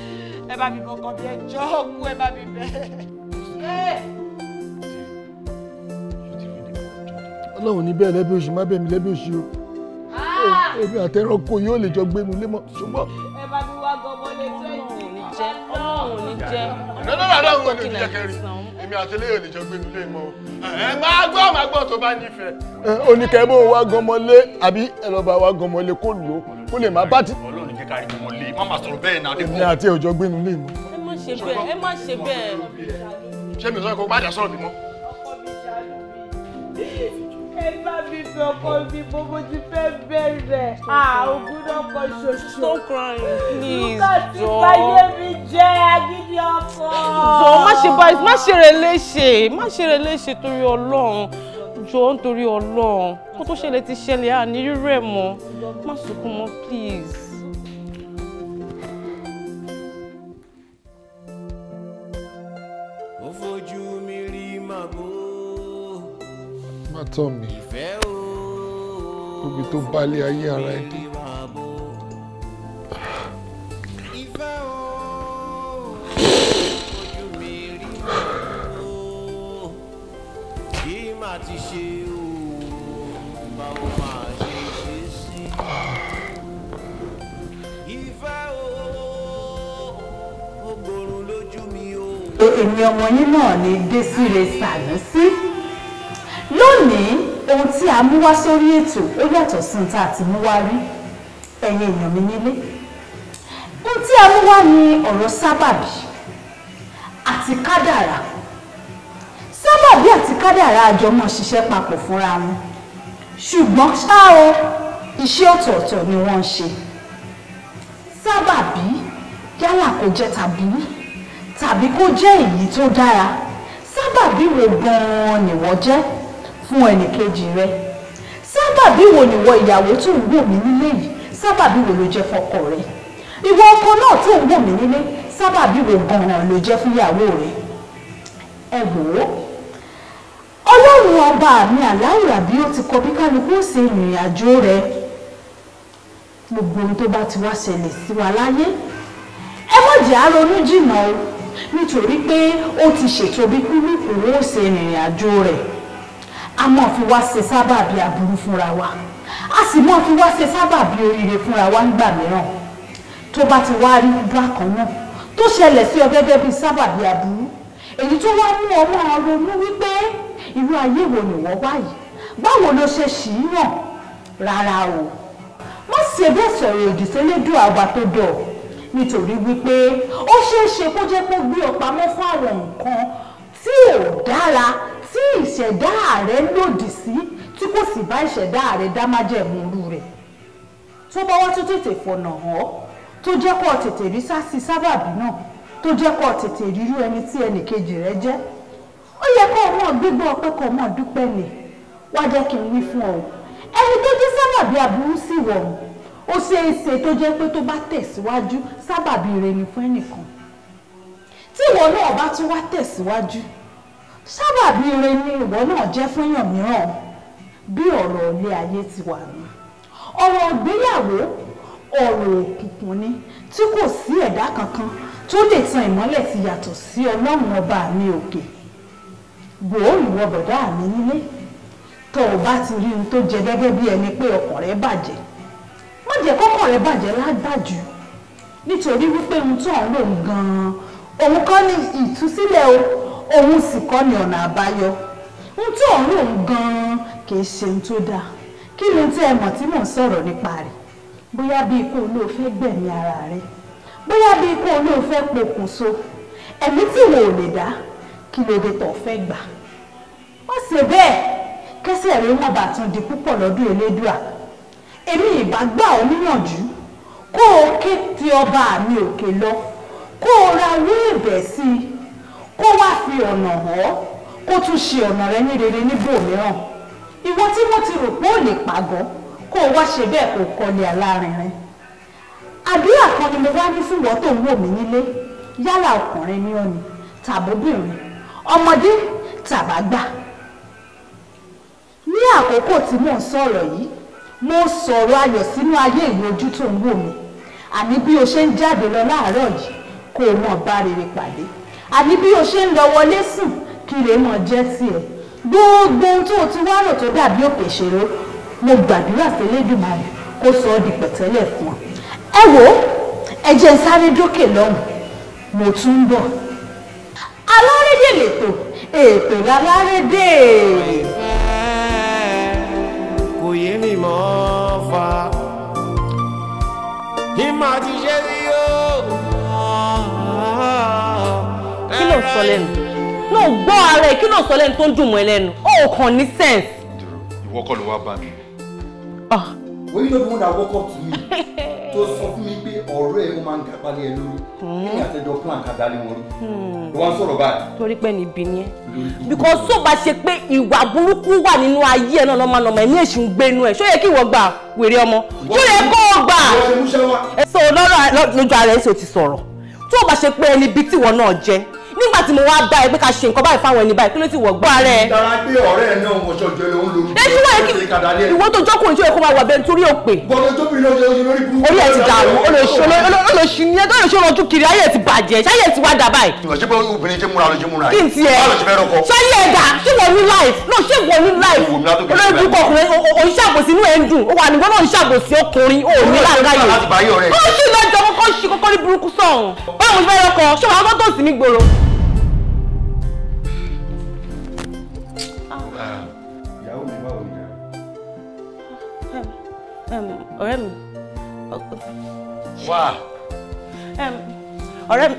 ẹ bá mi mọ ọkọ mi ẹ jọ ọkú ẹ bá
ọlọ́run ní bẹ́ẹ̀ lẹ́bí oṣù má bẹ̀ mí lẹ́bí oṣù o
ah! èmi
àtẹ̀rọ̀kọ yóò lè jọ gbé mi lé mọ́ ṣùgbọ́n.
ẹ bá mi wá gọmọ lè tó ìdí ní jẹ ọlọ́run ní jẹ. ọlọ́run àdáhùn wọn kẹrin
èmi àti eléyìí lè jọ gbé mi lé mọ́ ẹ máa gbọ́ máa gbọ́ tó bá nífẹ̀ẹ́.
oníkẹ́ bó wá gọmọ lé àbí ẹ lọ́ọ́ wá gọmọ lé kó lò ó kó lè má bá ti.
ọl jẹ́ ká rí mi mọ́lé má máa sọ̀rọ̀ bẹ́ẹ̀ náà. èmi àti
òjò gbénu lè mú. ẹ má ṣe bẹ́ẹ̀ ẹ má ṣe bẹ́ẹ̀. ṣé mi ò sọ pé mi mọ́.
ẹ bá mi fi ọkọ mi bó mo ti fẹ́ bẹ̀rẹ̀ àògùn náà ṣoṣo. stop crying please jọ. nígbà tí báyé mi jẹ́ agídí ọkọ. jọ má ṣe báyìí má ṣe rẹ̀ léṣe má ṣe rẹ̀ léṣe torí ọlọ́run jọ nítorí ọlọ́run kó tó ṣẹlẹ̀ ti ṣẹlẹ̀ àní rírẹ̀ mọ́ má sunkún mọ́
please.
má tọ̀ mí ibi tó
balé ayé ara ẹ dé.
ti ṣe òun bá ó máa ṣe ṣe sí. ìfẹ́ o
ògbòrùn lójú mi o. èmi ọmọ yín náà ni désìrè sànú sí lónìí ohun tí a mú wá sórí ètò ó yàtọ̀ sí ní tá
a ti mú wá rí ẹ̀yin èèyàn mi nílé ohun tí a mú wá ni ọ̀rọ̀ sábàbí àti kádàrá sábàbí
àti kádàrá àjọ mọ́ ṣiṣẹ́ papọ̀ fúnra wọn ṣùgbọ́n ṣá o iṣẹ́ ọ̀tọ̀ọ̀tọ̀ ni wọ́n ń ṣe sábàbí yálà
kò jẹ́ tàbí tàbí kó jẹ́ èyí tó dára sábàbí wo gan-an ni jẹ́ fún ẹnìkejì rẹ sábàbí wo ni ìwọ ìyàwó tó ń wò mí nílé yìí sábàbí wo ló jẹ́ fọ́kọ rẹ ìwọ ọkọ náà tó ń wò mí nílé sábàbí wo gan-an ló jẹ́ fún ìyàwó rẹ ẹ wò
ó ọlọ́run ọba mi àláwùrà bí ó ti kọ bí kálukú ṣe ìrìn àjò rẹ gbogbo ohun tó bá ti wá ṣẹlẹ̀ sí wa láyé ẹ má
jẹ́ á jìnnà o nítorí pé ó ti ṣètò bí kúlùkù ó ṣe ìrìn àjò rẹ̀ a máa fi wá ṣe sábàbí aburú fúnra wa a sì máa fi wá ṣe sábàbí oríire fúnra wa nígbà mìíràn tó bá ti wá rí bákan náà tó ṣẹlẹ̀ sí ọ gẹ́gẹ́ bí sábàbí aburú èyí tó wá mú ọmọ ronú wípé irú ayé wo ni wọ́n wáyìí báwo ló ṣe ṣì í hàn rárá o má ṣe bẹ́ẹ̀ sọ̀rọ̀ òdì sélédùn àgbà tó dọ̀ nítorí wípé ó ṣeé ṣe kó jẹ́ pé gbé ọ pamọ́ fún àwọn nǹkan tí ò dára tí ìṣẹ̀dá rẹ lòdì sí tí kò sì bá ìṣẹ̀dá rẹ dá májẹ̀mú irú rẹ̀ tó bá wá tó tètè fọ̀nà hàn tó jẹ́ kó tètè rí sásì sábàbí
náà tó jẹ́ kó tètè rírú ẹni tí ẹnì kejì rẹ jẹ́ ó yẹ kó mọ̀ gbígbọ́ pé kó mọ̀ dúpẹ́ ni wá jẹ́ kí n wí fún ọ ẹni tó jẹ́ sábàbí
aburú sì wọ̀ ó ṣeé ṣe tó jẹ́ pé tó bá tẹ̀síwájú sábàbí rẹ ni fún ẹnìkan tí ìwọ náà bá tún wá tẹ̀síwájú sábàbí ire ni ìwọ náà jẹ́ fúnyàn mìíràn bí ọ̀rọ̀ ilé ayé ti wà ní ọ̀rọ̀ ìgbéyàwó ọ̀rọ̀ òkùnkùn ni tí kò sí ẹ̀dá kankan tó lè tan ìmọ́lẹ̀ ti yàtọ̀ sí ọlọ́run ọba mi òkè wò ó
ìwọ bọ̀dá mi nílé tó o bá ti rí ohun tó jẹ gẹ́gẹ́ bí ẹni pé ọkàn rẹ bàjẹ́ má jẹ́ kọ́kàn rẹ bàjẹ́ lágbàjù nítorí wípé ohun tó ń lò gan-an òun kọ́ ni ìtúsílẹ̀ o òun sì kọ́ ni ọ̀nà àbáyọ ohun tí òun rò ń gan-an kì í ṣe ohun tó dáa kí ni tí ẹ mọ̀ tí mò ń sọ̀rọ̀ nípa rẹ̀ bóyá bí ikú olóò fẹ́ gbẹ̀mí ara rẹ̀ bóyá bí ikú olóò fẹ́ pokùnso ẹ̀mí tí wò ò lè dá kí ló dé tó fẹ́ gbà
ó ṣe bẹ́ẹ̀ kẹsẹ̀ rẹ̀ wọ́n bá tún di púpọ̀ lọ́dún elédùà èmi ìbá gbà ọ́ níyànjú kó o ké ti ọba mi òkè lọ kó o ra rí ìbẹ̀ sí i kó wá fi ọ̀nà hàn ọ́ kó tún ṣe ọ̀nà rẹ ní rere níbòmíràn ìwọ tí mo ti rò pé ò lè pàgọ́ kó o wá ṣe
bẹ́ẹ̀ kó kọlẹ̀ alárinrin àdúrà kan ni mo wá ní fún ìwọ tó ń wò mí nílé yálà ọkùnrin ni ọ ni tàbóbìnrin ọmọdé tàbágbà
ní àkókò tí mò ń sọ̀rọ̀ yìí mo sọ̀rọ̀
ayọ̀ sínú ayé ìwé ojú tó ń wò mí àní bí o ṣe ń jáde lọ láàárọ̀ yìí kó o mọ̀ bá rere pàdé àní bí o ṣe ń lọ wọlé sùn kí rèé mọ̀ jẹ́ sí ẹ gbogbo ohun tó o ti wá rò tó dàbí òkè ṣeré mo gbàdúrà sí Elédùmarè kó sọ ọ́ di pẹ̀tẹ́lẹ̀ fún ọ ẹ wò ó ń sáré dókè lọ́hùn mo tún ń bọ̀ alárédè lètò ètò alárédè.
kò yé mi mọ́ fa kí n máa ti ṣe rí.
sọ lẹ́nu náà gbọ́ ara ẹ̀ kí náà sọ lẹ́nu tó ń dùn mọ́ ẹ lẹ́nu ó kàn ní sense.
dúró ìwọ kọ́ ló wá bá mi.
wọ́n yóò mú náà wọ́kọ̀ tù mí
tó sọ fún mi pé ọ̀rẹ́ ẹ̀ ó máa ń gàpá lé ẹ lórí kí ni àtẹjọ plan kàdá lé wọn rí
hmm. ló wá ń sọ̀rọ̀ báyìí. torí pé níbi ni ẹ because tó bá ṣe pé ìwà burúkú wà nínú ayé ẹ náà lọ́mọ lọ́mọ ẹ̀mí èṣù ń gbé inú ẹ̀ ṣó yẹ kí ìwọ gbà wèrè ọmọ
ṣó yẹ kó
o gbà.
so lọ́rọ̀ lójú ara ẹ̀ sì ti sọ̀rọ̀ tó bá ṣe pé ẹni bíi tìwọ náà jẹ́ nígbà tí mo wá gbá ẹ pé ká ṣe nǹkan báyìí fáwọn ẹni báyìí kí ló ti wọ̀ gbọ́ ara ẹ. ọ̀rẹ́ ẹ náà mo ṣọjọ́ ló ń lo orúkọ ẹ̀ ló ti kàdá tó jọ́kùnrin tí kó máa wà bẹ́ẹ̀ nítorí òpè. gbọ́dọ̀ tó bí lóṣooṣù lórí burúkú. orí ẹ ti dàrú olóṣù ni ẹjọ́ ìṣòro ojú kiri ayé ti bàjẹ́ ṣáyé ti wá dà báyìí. ṣé pé obìnrin ṣe múra ló ṣe múra yìí. kí n ti ẹ ṣáyé ẹ̀dá
ṣé
wọ́n ní life náà ṣé wọ́n ní life
olóògùn kọkùnrin
oníṣàbòsí inú ẹ̀ ń dùn ó wà nígbà náà ó ṣì
lọ́jọ́ kọ́kọ́ ṣì kọ́kọ́ ní burúkú sọ̀hún báwo ṣe
fẹ́ rọ́kọ̀ ṣé wàá kọ́ tòsí ní gbòòrò.
ọ̀rẹ́ mi.
wá.
ọ̀rẹ́ mi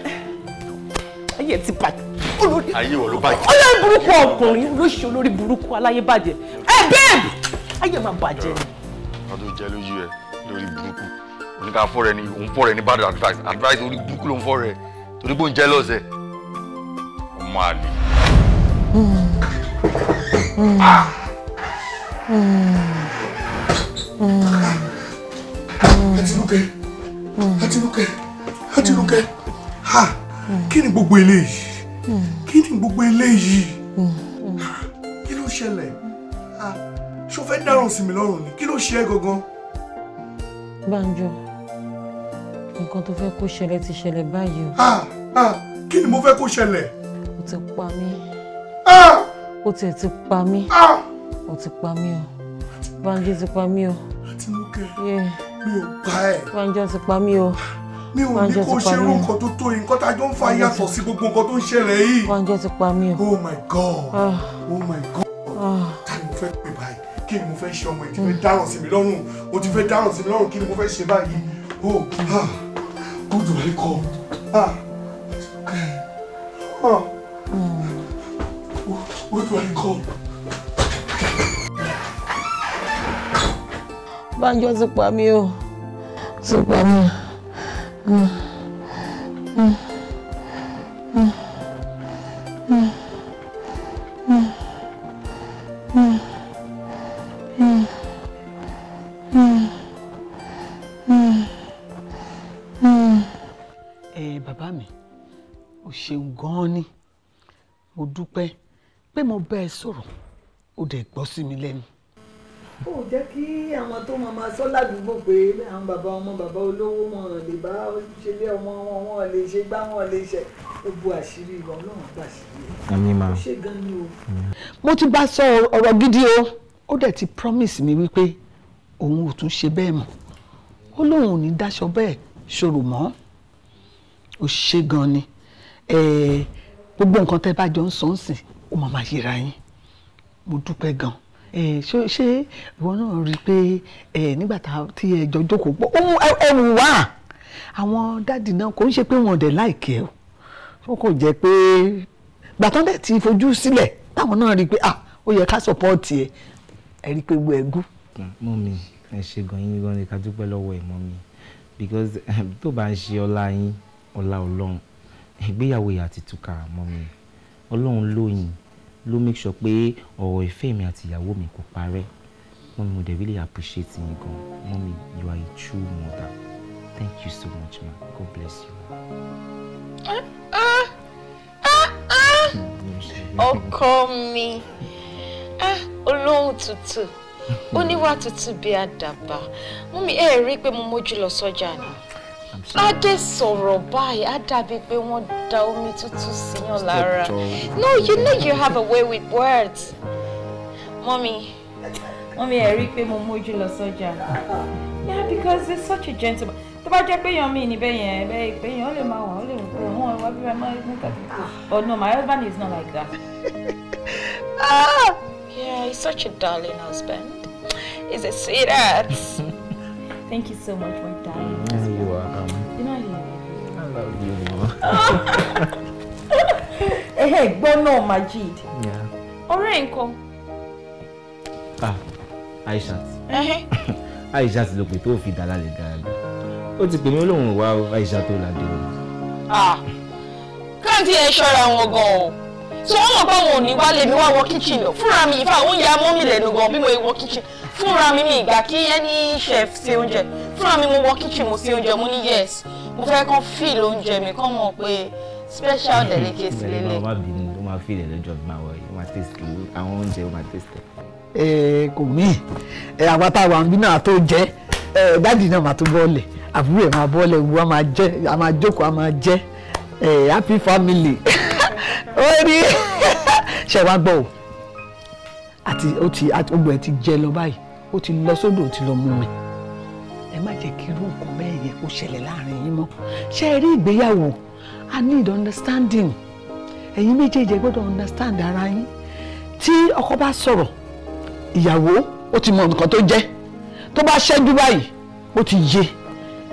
ayé ti bàjẹ́ olórí.
ayé wọ̀ ló bàjẹ́. olórí burúkú
ọkùnrin olóṣù olórí burúkú aláyé bàjẹ́ ẹ bẹ́ẹ̀bù ayé máa bàjẹ́. ọ̀rọ̀
tó jẹ́ lójú ẹ lórí burúkú oníkà fọ́ rẹ ni òun fọ́ rẹ ní bad advice advice orí burúkú ló ń fọ́ rẹ torí pé òun jẹ́ lọ́sẹ̀ ọmọ àlè.
Mm. Mm. Ah. Mm.
Àtinúkẹ́ Àtinúkẹ́ Àtinúkẹ́
ha kí ni gbogbo eléyìí kí ni gbogbo eléyìí kí ló ṣẹlẹ̀ ṣó fẹ́ dáràn sí mi lọ́rùn ni kí ló ṣe é gangan.
Banjo nǹkan tó fẹ́ kó ṣẹlẹ̀ ti ṣẹlẹ̀ báyìí o. kí ni mo fẹ́ kó ṣẹlẹ̀. o ti pa mí. o tiẹ̀
ti pa mí. o ti pa mí o Banjo ti pa mí o. Tinúkẹ́ mi ò gbà ẹ. Banjo ti pa mí o. mi ò ní kó ṣerú nǹkan
tó tó yìí
nǹkan tá a jọ ń fa yàtọ̀
sí gbogbo nǹkan tó ń ṣẹlẹ̀ yìí. Banjo ti pa mí o. oh my god ah. oh
my god ah. ta ni mo fẹ́ pè báyìí kí ni mo fẹ́ ṣe ọmọ ẹ̀ ti fẹ́ dáràn sí mi lọ́rùn o ti fẹ́ dáràn sí mi lọ́rùn kí ni mo fẹ́ ṣe báyìí oh ah who do I call ah okay eh. ah who do I
call. Bánjọ ti pa mí o
ti pa mí o.
ẹ bàbá mi ò ṣeun gan-an ni mo dúpẹ́ pé mo bá ẹ sọ̀rọ̀ ó dẹ̀ gbọ́ sí mi lẹ́nu
ó jẹ́ kí àwọn tó máa ma sọ
ládùúgbò pé àwọn bàbá ọmọ bàbá olówó wọn ò lè bá ṣẹlẹ̀ ọmọ wọn wọn lè ṣe gbá wọn lè ṣe ó àṣírí ọlọ́run gbà sílẹ̀ ó ṣe gan ni o. mo ti bá sọ ọ̀rọ̀ gidi o ó dẹ̀ ti promise mi wípé òun ò tún ṣe bẹ́ẹ̀ mọ́ ó lóun ò ní dáṣọ bẹ́ẹ̀ ṣòro mọ́ ó ṣe gan ni gbogbo nǹkan tẹ́ bá jọ ń sọ ń sìn ó máa máa yẹra yín mo dúpẹ́ gan ṣé ìwọ náà rí i pé nígbà tí ẹ jọ jókòó pọ̀ ẹrù wà àwọn dáàdì náà kò ń ṣe pé wọn dẹ̀ láìkẹ́ o wọn kò jẹ́ pé gbàtàn ti fojú sílẹ̀ táwọn náà rí i pé ó yẹ ká sọ̀pọ́ọ̀tì ẹ ẹ rí i pé gbọ́ ẹgún. Mm, mọ́mì ẹ ṣe gan yín gan ni ká dúpẹ́ lọ́wọ́ ẹ̀ mọ́mì because ehm, tó bá ń ṣe ọlá yín ọlá ọlọ́run ìgbéyàwó yà ti túkà mọ́mì ọlọ́run lóyìn ló make sure pé ọ̀rọ̀ ìfẹ́ mi àti ìyàwó mi kò parẹ́ mọ́mi mo dẹ̀ really appreciate yín gan mọ́mi you are a true mother thank you so much ma god bless you.
ọkọ mi ah, olóhùn tútù ó níwà tútù bí àdàbà mọ́mi ẹ rí i pé mo mójú lọ sọ́jà ni. Bádé sọ̀rọ̀ báyìí, á dàbí pé wọ́n da omi tútù síyàn lára. No, you know you have a way with words. Mọ́mí, mọ́mí ẹ̀ rí pé mo mójú lọ sọ́jà. Yeah, because he's such a gentleman. Tó bá jẹ́ pé èèyàn mi níbẹ̀ yẹn, ẹ̀bẹ̀ ìpè yẹn ó lè máa wà, ó lè wò wọ́n wá bí wọ́n máa ń tàbí. But no, my husband is not like that. *laughs* Ah! yeah, he's such a darling husband. He's a sweetheart. *laughs* Thank you so much, my you are. you know I love
you. I love you more.
Ẹ ẹ gbọ́ náà Majid. Ọ̀rẹ́ nǹkan.
Ah, Aishat. *laughs* Aishat ló pè tó fi dàlá lè dára lọ. Ó ti pè mí olóhùn wá Aishat tó ládé o.
Ah, Káàntì ẹ ṣọ́ra wọn gan-an.
Tí wọ́n mọ̀ pé àwọn ò ní wá lè mi wá wọ kíchìn
lọ. Fúnra mi ìfà oúnjẹ amómi fúnra mi mi ìgbà kí ẹni chef ṣe oúnjẹ fúnra mi mo wọ kitchen mo ṣe oúnjẹ mo ní yes mo fẹ́ kàn feel oúnjẹ mi kàn mọ̀ pé special delicacy lélẹ̀.
bàbá bínú ló máa feel lọ́jọ́ bí máa wọ yìí máa taste àwọn oúnjẹ ó máa taste. ẹ kò mí ẹ àwa tá a wà ń bí náà tó jẹ ẹ dáàdì náà máa tó bọ́ọ̀lẹ̀ àbúrò ẹ̀ máa bọ́ọ̀lẹ̀ wo a máa jẹ a máa jókòó a máa jẹ ẹ happy family *laughs* ó rí *laughs* ṣe wá gbọ́ o àti ó ti gbogbo ẹ ti jẹ lọ báyìí ó ti lọ sódò ó ti lọ mú mi ẹ má jẹ́ kí irú nǹkan bẹ́ẹ̀ yẹn kó ṣẹlẹ̀ láàrin yín mọ́ ṣé ẹ rí ìgbéyàwó i need understanding ẹ̀yin méjèèjì gbọ́dọ̀ understand ara yín tí ọkọ bá sọ̀rọ̀ ìyàwó ó ti mọ nǹkan tó jẹ́ tó bá ṣẹ́jú báyìí ó ti yé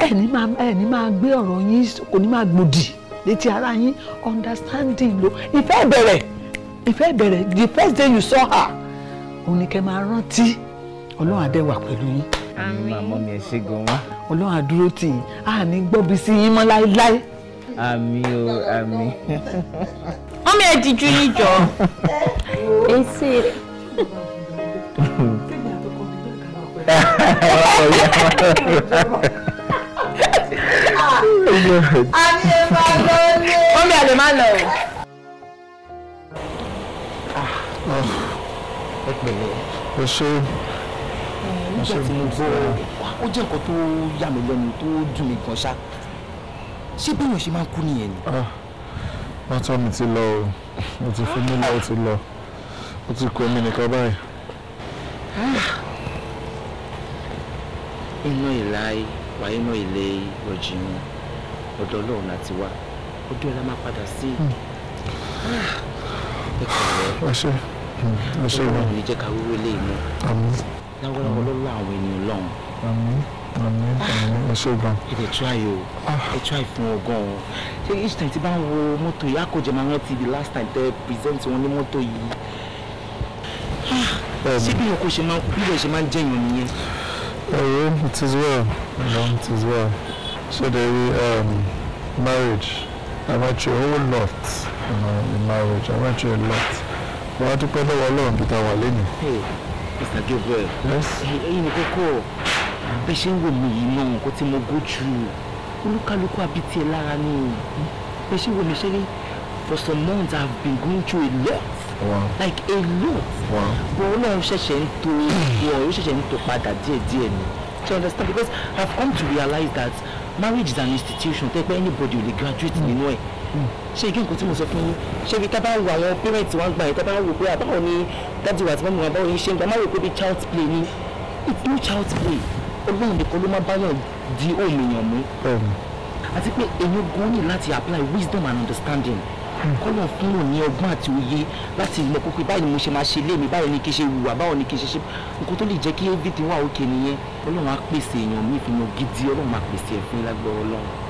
ẹni máa ẹni máa gbé ọ̀rọ̀ yín kò ní máa gbòdì létí ara yín understanding ló ìfẹ́ bẹ̀rẹ̀ ìfẹ́ bẹ̀rẹ̀ the first day you saw her òun ni kẹ́ máa rántí ọlọ́run àdẹ́wà pẹ̀lú yín. àmín màmá mi ẹ ṣe gan wa. ọlọ́run àdúró tì yín a gbọ́bi sí yín mọ́ láéláé. àmín
o àmín.
wọ́n mi ẹ dijú níjọ. èsì rẹ̀. àmì
ẹ̀ máa lọ ní. wọ́n mi àlè máa lọ pẹ̀lú o ṣe o ṣe mú bó
o jẹ́ nǹkan tó yà mí lẹ́nu tó dùn mí gan ṣá ṣé bí èèyàn ṣe máa ń kú nìyẹn ni. Ah, wọ́n tọ́ mi ti lọ o mo ti fún mi lọ ti lọ o ti kú omi nìkan báyìí. Ah. iná ìlàyé wàá iná ilé lọ́jì wọn ọ̀dọ̀ ọlọ́run láti wá ojú ẹ̀ la máa padà sí. Hmm. Ah. ẹ kọ̀ ọ́ ọlọ́run yìí jẹ́ ká wíwé lè mú lágbára ọlọ́lá àwọn ènìyàn lọ́hùn. ètò ah. try o ètò ah. try fún ọgán o ṣé each time ti bá ń wo mọ́tò yìí àkójọ máa ń rántí the last time tẹ present wọn ní mọ́tò yìí ah. ṣé bí ọkọ ṣe máa bí ọṣẹ máa ń jẹyàn nìyẹn. ẹ̀rọ it is
well long it is well so there um, marriage I want you a whole lot you know, in marriage I want you a lot mo á dúpẹ́ lọ́wọ́ ọlọ́run
bí táwọn lẹ́nu. Mr. Gabriel ẹ̀yin nìkan kọ́ bẹ́ẹ̀ ṣe ń wò mí yìí náà nǹkan tí mo go through olúkálukú àbítí ẹ̀ lára ni bẹ́ẹ̀ ṣe wò mí ṣe ní for some months I've been going through a lot. like a lot. but ọlọ́run ṣẹ̀ṣẹ̀ ń to ọ̀rọ̀ ṣẹ̀ṣẹ̀ ń to padà díẹ̀díẹ̀ ni to understand because I've come to realize that marriage is an institution tẹ́pẹ́ anybody will graduate nínú ẹ̀ ṣé igi nǹkan tí mo sọ fún yín ṣé ibi tá bá wo àwọn parents wa ń gbà bá wò pé àbáwọn ni dájú wa àti mọ́mọ́ wa báwọn yín ṣe ń gbà má wò pé bí child play ni it's no child play ọlọ́run nìkan ló má báyàn di òmìnira mú àti pé èyí gan ni láti apply wisdom and understanding hmm. kọ́nà fún òní ọgbọ́n àti òye láti mọ kókó báyìí mo ṣe máa ṣe léèmí báyìí ni kì í ṣe wùwà báwo ni kì í ṣe ṣe nǹkan tó lè jẹ́ kí everything wà òkè nìyẹn ọlọ́run á pèsè èèyàn mi ìfìmọ̀ gidi ọlọ́run á pèsè ẹ̀fún lágbára ọlọ́run.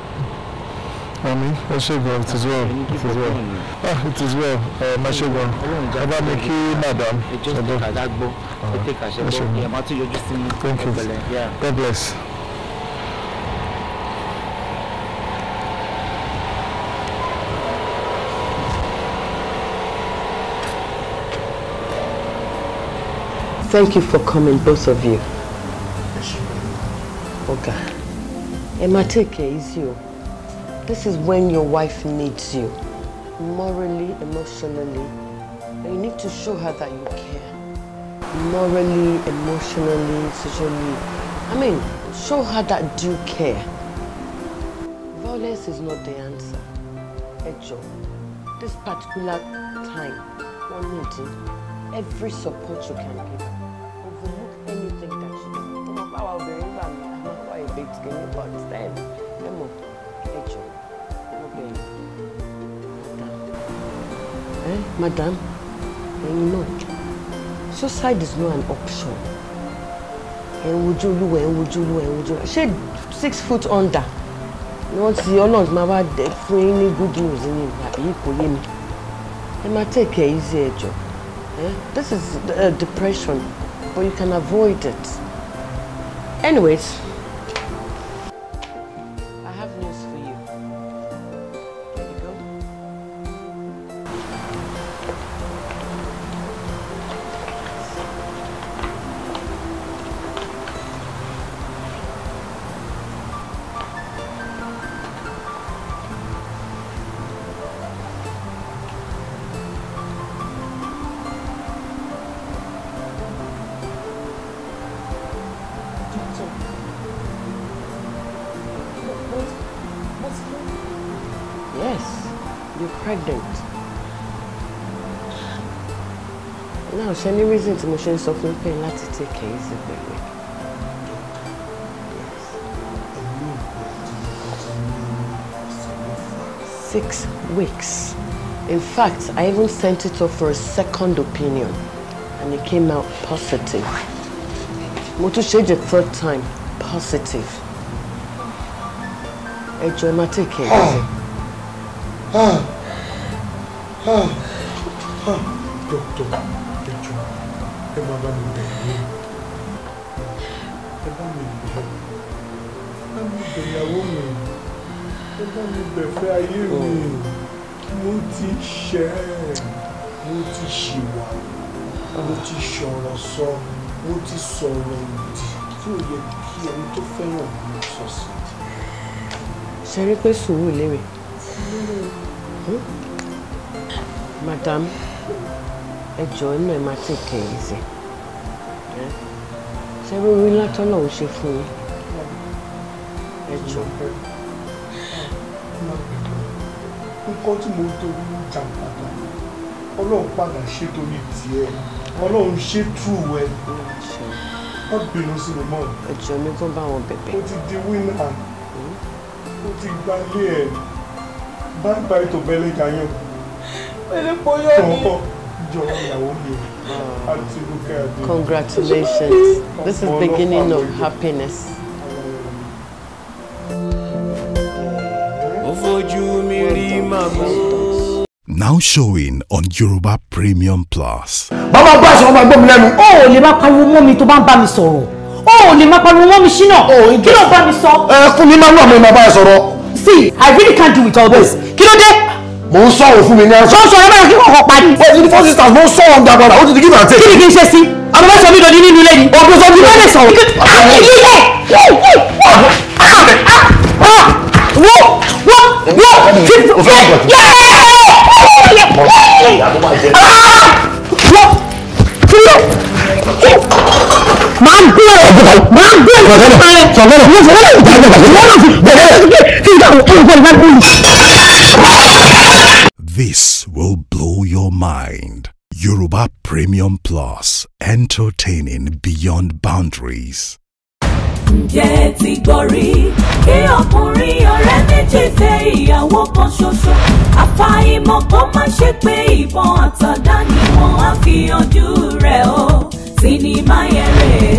I mean, ẹ ṣe gan
it is well it is well ah it is well ẹ má ṣe gan ẹ bá mi kí madam ẹ bọ ah, ẹ ṣe gan thank you God bless.
Thank you for coming, both of you. Okay. Emma, take it easy. This is when your wife needs you. Morally, emotionally. And you need to show her that you care. Morally, emotionally, socially. I mean, show her that you care. Violence is not the answer. Ejo, this particular time, one meeting, every support you can give madam ẹ̀yin náà suicide is not an option ẹ̀ ń wojú olúwa ẹ̀ wojú olúwa ẹ̀ wojú olúwa ṣé six foot under ni wọ́n ti ọlọ́run ti máa wá dẹ fún yín ní good news ní àbí kò yé mi ẹ máa take it easy ẹ jọ̀ọ́ this is uh, depression but you can avoid it anyways. reason tí mo ṣe ń sọ fún pé láti take care easy pẹ̀lú Six weeks. In fact, I even sent it off for a second opinion and it came out positive. Mo tún ṣe the third time positive. Ẹ jọ̀ọ́ ẹ máa take care easy. ìfẹ́ ayé
mi oh. mo ti ṣẹ̀ mo ti ṣìwà mo ti ṣọ̀rọ̀ sọ mo ti sọ̀rọ̀ ìdí tí ò yẹ kí ẹni tó
fẹ́ràn mi sọ sí. ṣe rí pé sùúrù léwe hmm? madam ẹ inú ẹ máa tẹ̀ kẹ́ ẹ̀ ṣe rí orí látọ́ náà ṣe fún yín ẹ
nǹkan tí mo torí jàǹbàdà ọlọ́run padà ṣe torí tiẹ̀
ọlọ́run ṣe tú ẹ wọ́n bínú sí mi mọ́. ẹ̀jọ̀ mi kó bá bẹ̀bẹ̀. ó ti di wínà ó ti gbalé ẹ̀ báyìí
báyìí tó bẹ́lẹ̀ dayọ̀.
pẹ̀lú pọ́yọ́ ni. jọ̀wọ́
jọ̀wọ́ ìyàwó mi
àti lókè àdé.
congratulations this is beginning of
happiness.
now showing on Yoruba Premium Plus. bàbá bá
aṣọ ọba gbọ́n mi lẹ́nu. o ò lè má pariwo mọ́ mi tó bá ń bá mi sọ̀rọ̀ o ò lè má pariwo mọ́ mi ṣínà kí ló bá mi sọ. ẹ fún mi máa ń wà mí máa bá ẹ sọ̀rọ̀. see i really can't do with all this kí ló dé. mo ń sọ̀rọ̀ fún mi ní ẹ̀sán. sọ̀rọ̀ ẹ bá yẹ kí kọ̀ọ̀kan parí. wọ́n ti ní four sisters mo ń sọ̀rọ̀ ọ̀gá padà ó ti di give and take.
kí ni kí n ṣe
sí àwọn sọ mí lọ́dún nínú ilé ni. ọdún sọ mí lọ́dún sọ̀rọ̀. wọ́n wọ́n wọ́n wọ́n
This will blow your mind. Yoruba Premium Plus, entertaining beyond boundaries.
ǹjẹ́ ti gbọ́ rí kí ọkùnrin ọ̀rẹ́ méjì tẹ ìyàwó kan ṣoṣo àfàìmọ̀ kó má ṣe pé ìbọn àtàdá ni wọ́n á fi yanjú rẹ̀ o sinimá yẹn rèé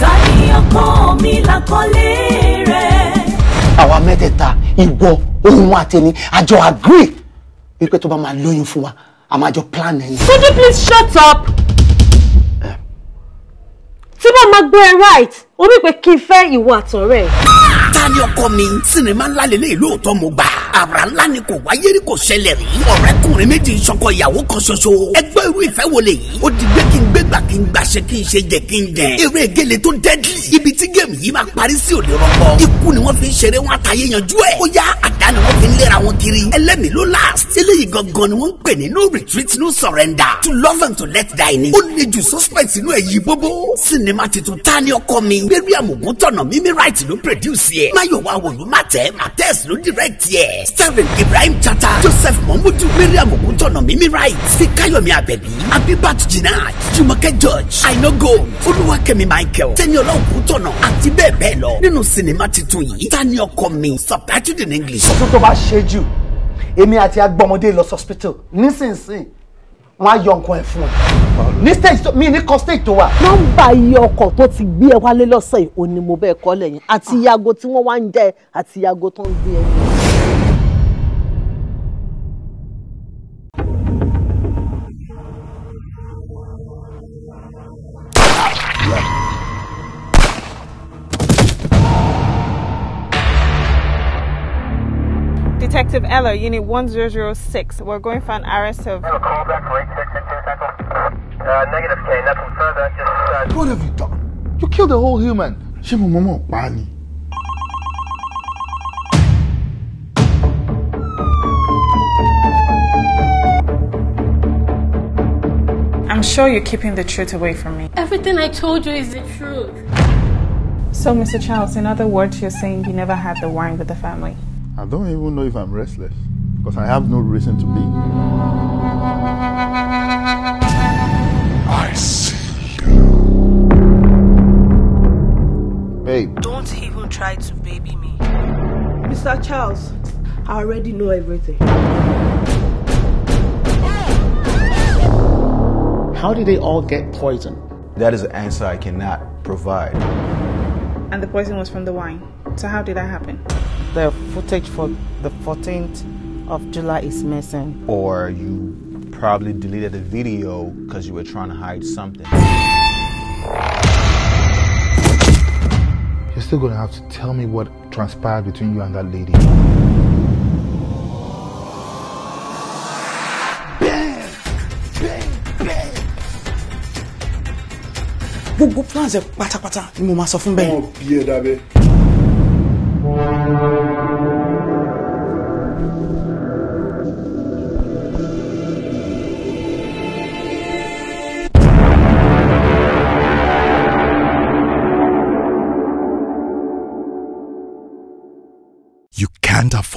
ta ni ọkọ mi lákọlé
rẹ̀.
àwa mẹ́tẹ̀ẹ̀ta ìwọ ohun àtẹni àjọ agree wípé tó bá máa lóyún fún wa a máa jọ plan ẹni. could you please shut up. Eh. tí bá máa gbé ẹ right ó bí pé kí n fẹ́ ìwọ àtọ̀rẹ́ ńlá ni ọkọ mi sinimá ńlá lélẹ́yìí lóòótọ́ mo gbà àrà ńlá ni kò wáyé rí kò ṣẹlẹ̀ rí ọ̀rẹ́kùnrin méjì ìṣọkọ ìyàwó kan ṣoṣo ẹgbẹ́ irú ìfẹ́ wo lè yìí ó di gbé kí n gbégbà kí n gbàṣẹ kí n ṣe jẹ kí n jẹ eré egéle tó deadly ibi tí géèmù yìí máa parí sí òde rọpò ikú ni wọ́n fi ń ṣeré wọn àtàyè yanjú ẹ̀ ó yá àdá ni wọ́n fi ń léra wọn kiri ẹlẹ́mìí ló last eléyìí gangan ni wọ́n ń pè no retreat no surrender to love and to let die ni ó ju suspense inú ẹ̀ yí bóbó sinimá titun ta ni ọkọ mi bẹ́ẹ̀ rí àmùgún tọ̀nà mímí produce yẹ Adémáyọ̀wá wòlú màtẹ́ màtẹ́s ló dírẹ́tì ẹ̀. Stephen Ibrahim Chata Joseph Mahmudu Mariam Oguntọ̀nà Mímí Right Fikayomi Abẹ́bí Abibat Jinaj Jumoke George Aina Gold Olúwakẹ́mi Michael Tẹ́niọlá Oguntọ̀nà àti bẹ́ẹ̀ bẹ́ẹ̀ lọ nínú sinimá titun yìí. Ta ni ọkọ mi? Subtitled in English. Ọ̀tún tó bá ṣe jù, èmi àti agbọ́mọdé lọ sọ́spítù nísinsìnyí wọn á yọ nǹkan ẹ̀ fún ọ ní stage tó mi ní kan stage tó wà. nọ́mbà iye ọkọ̀ tó ti gbé ẹ wálé lọ́sẹ̀ yìí òní mo bẹ́ẹ̀ kọ́ lẹ́yìn àti yago tí wọ́n wá ń jẹ́ àti yago tó ń gbé ẹ.
Detective Eller, Unit 1006. We're going for an arrest of. Call back for uh, negative K, nothing further. Just.
Uh... What have you done? You killed a whole human. Ṣé mọ̀mọ́ pa
I'm sure you're keeping the truth away from me. Everything I told you is the truth. So, Mr. Charles, in other words, you're saying you never had the wine
with the family?
I don't even know if I'm restless because I have
no reason to be. I see you. Babe. Don't even
try to baby me. Mr. Charles, I already know everything.
How did they all get poisoned? That is an answer I cannot provide.
And the poison was from the wine. So how did that happen?
the footage for the 14th of July is missing. Or you probably deleted the video because you were trying to hide something. You're still gonna have to
tell me what transpired between you and that lady.
Bam! Bam! Bam!
Gbogbo plans ẹ pátápátá ni mo máa sọ fún bẹ́ẹ̀.
bí ẹ dábẹ́.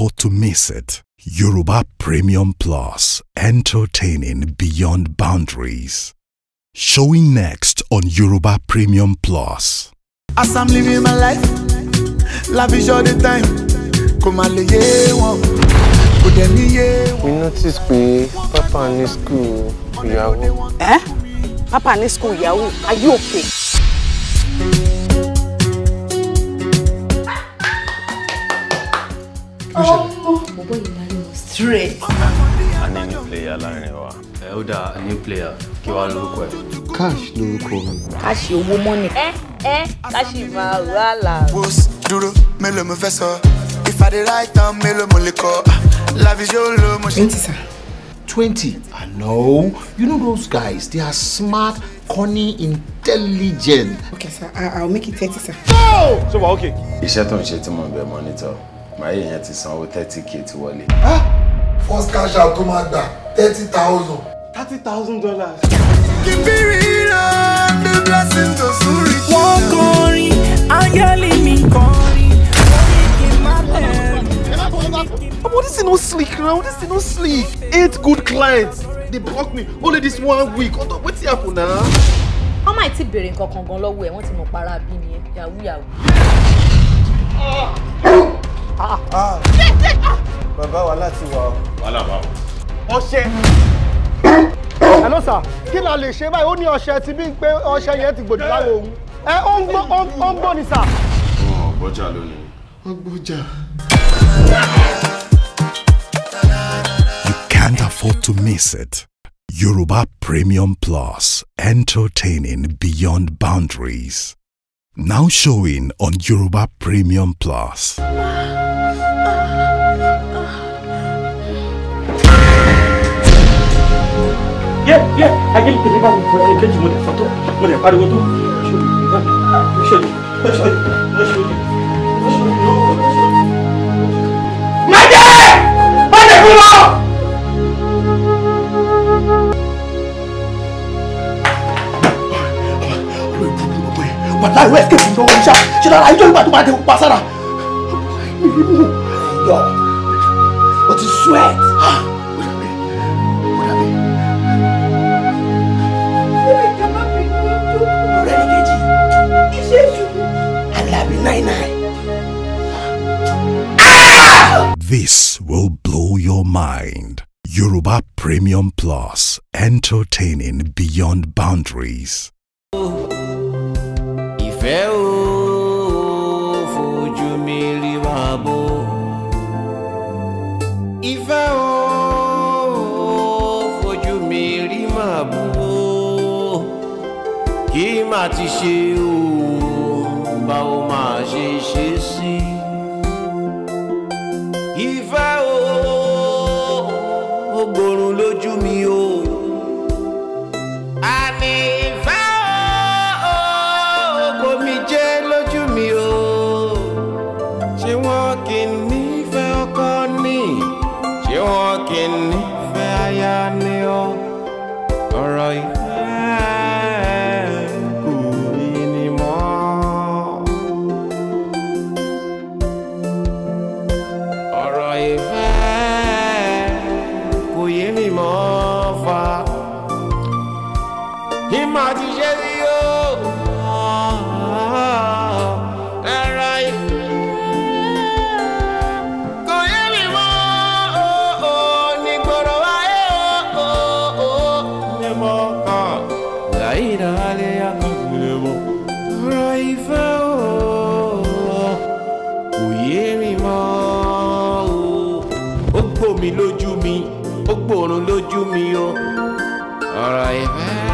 afford to miss it. Yoruba Premium Plus, entertaining beyond boundaries. Showing next on Yoruba Premium Plus.
As I'm living my life, lavish all the time. We
notice pé Papa ní school ìyàwó.
Eh? Papa ní school are you okay?
ọmọ oh, oh, bọbọ straight.
a new player láàrin wa. ẹ ó a new player kí wàá lórúkọ ẹ. cash lórúkọ mi. káṣí owó mọ́nì.
ẹ ẹ káṣí máa wà láà. wos
dúró mélòó mo fẹ́ sọ ìfàdé ráìtàn mélòó mo lè kọ́ ah, làbíjó twenty sir. 20. I know. You know those guys, they are smart, cunning, intelligent. Okay, sir. I'll make it 30, sir. No! So, okay. Iṣẹ́ tó ń ṣe tí mo monitor báyìí yẹn ti sanwó thirty k ti wọlé. first cash out tó máa gbà thirty thousand. thirty thousand dollars. kìbìrì rẹ̀ ní blessing tó sùn wọ́n kọrin ángẹ́lì mi kọrin wọ́n ní kí n má no sleek now. This is no sleek. Eight good clients. They block me only this one week. Hold wetin happen now?
Wọ́n máa ti béèrè nǹkan kan gan lọ́wọ́ ẹ̀, wọ́n ti mọ̀ para bí ni yahoo yahoo.
Ah! bàbá wa láti wà ó. wàhálà bá wò.
ọṣẹ. hello sir kí la lè ṣe báyìí ó ní ọṣẹ tí bí ń pé ọṣẹ ti gbòdì lára òun ẹ ó ń gbọ́ ó ń gbọ́ ni sir.
wọn ò gbọ́jà lónìí. wọn gbọ́jà. You can't afford to miss it. Yoruba Premium Plus, entertaining beyond boundaries. Now showing on Yoruba Premium Plus. yẹ yẹ ayé ní tèmi bá wù fún ẹni kejì mo lè
fọtọ mo lè pariwo tó mo ṣe mo ṣe mo ṣe mo sweat.
This will blow your mind. Yoruba Premium Plus, entertaining beyond boundaries.
ìfẹ́ o fojú mi rí ìfẹ́ o fojú mi rí kí má ti ṣe o bá o máa ṣe ṣe. ojú mi o ọ̀rọ̀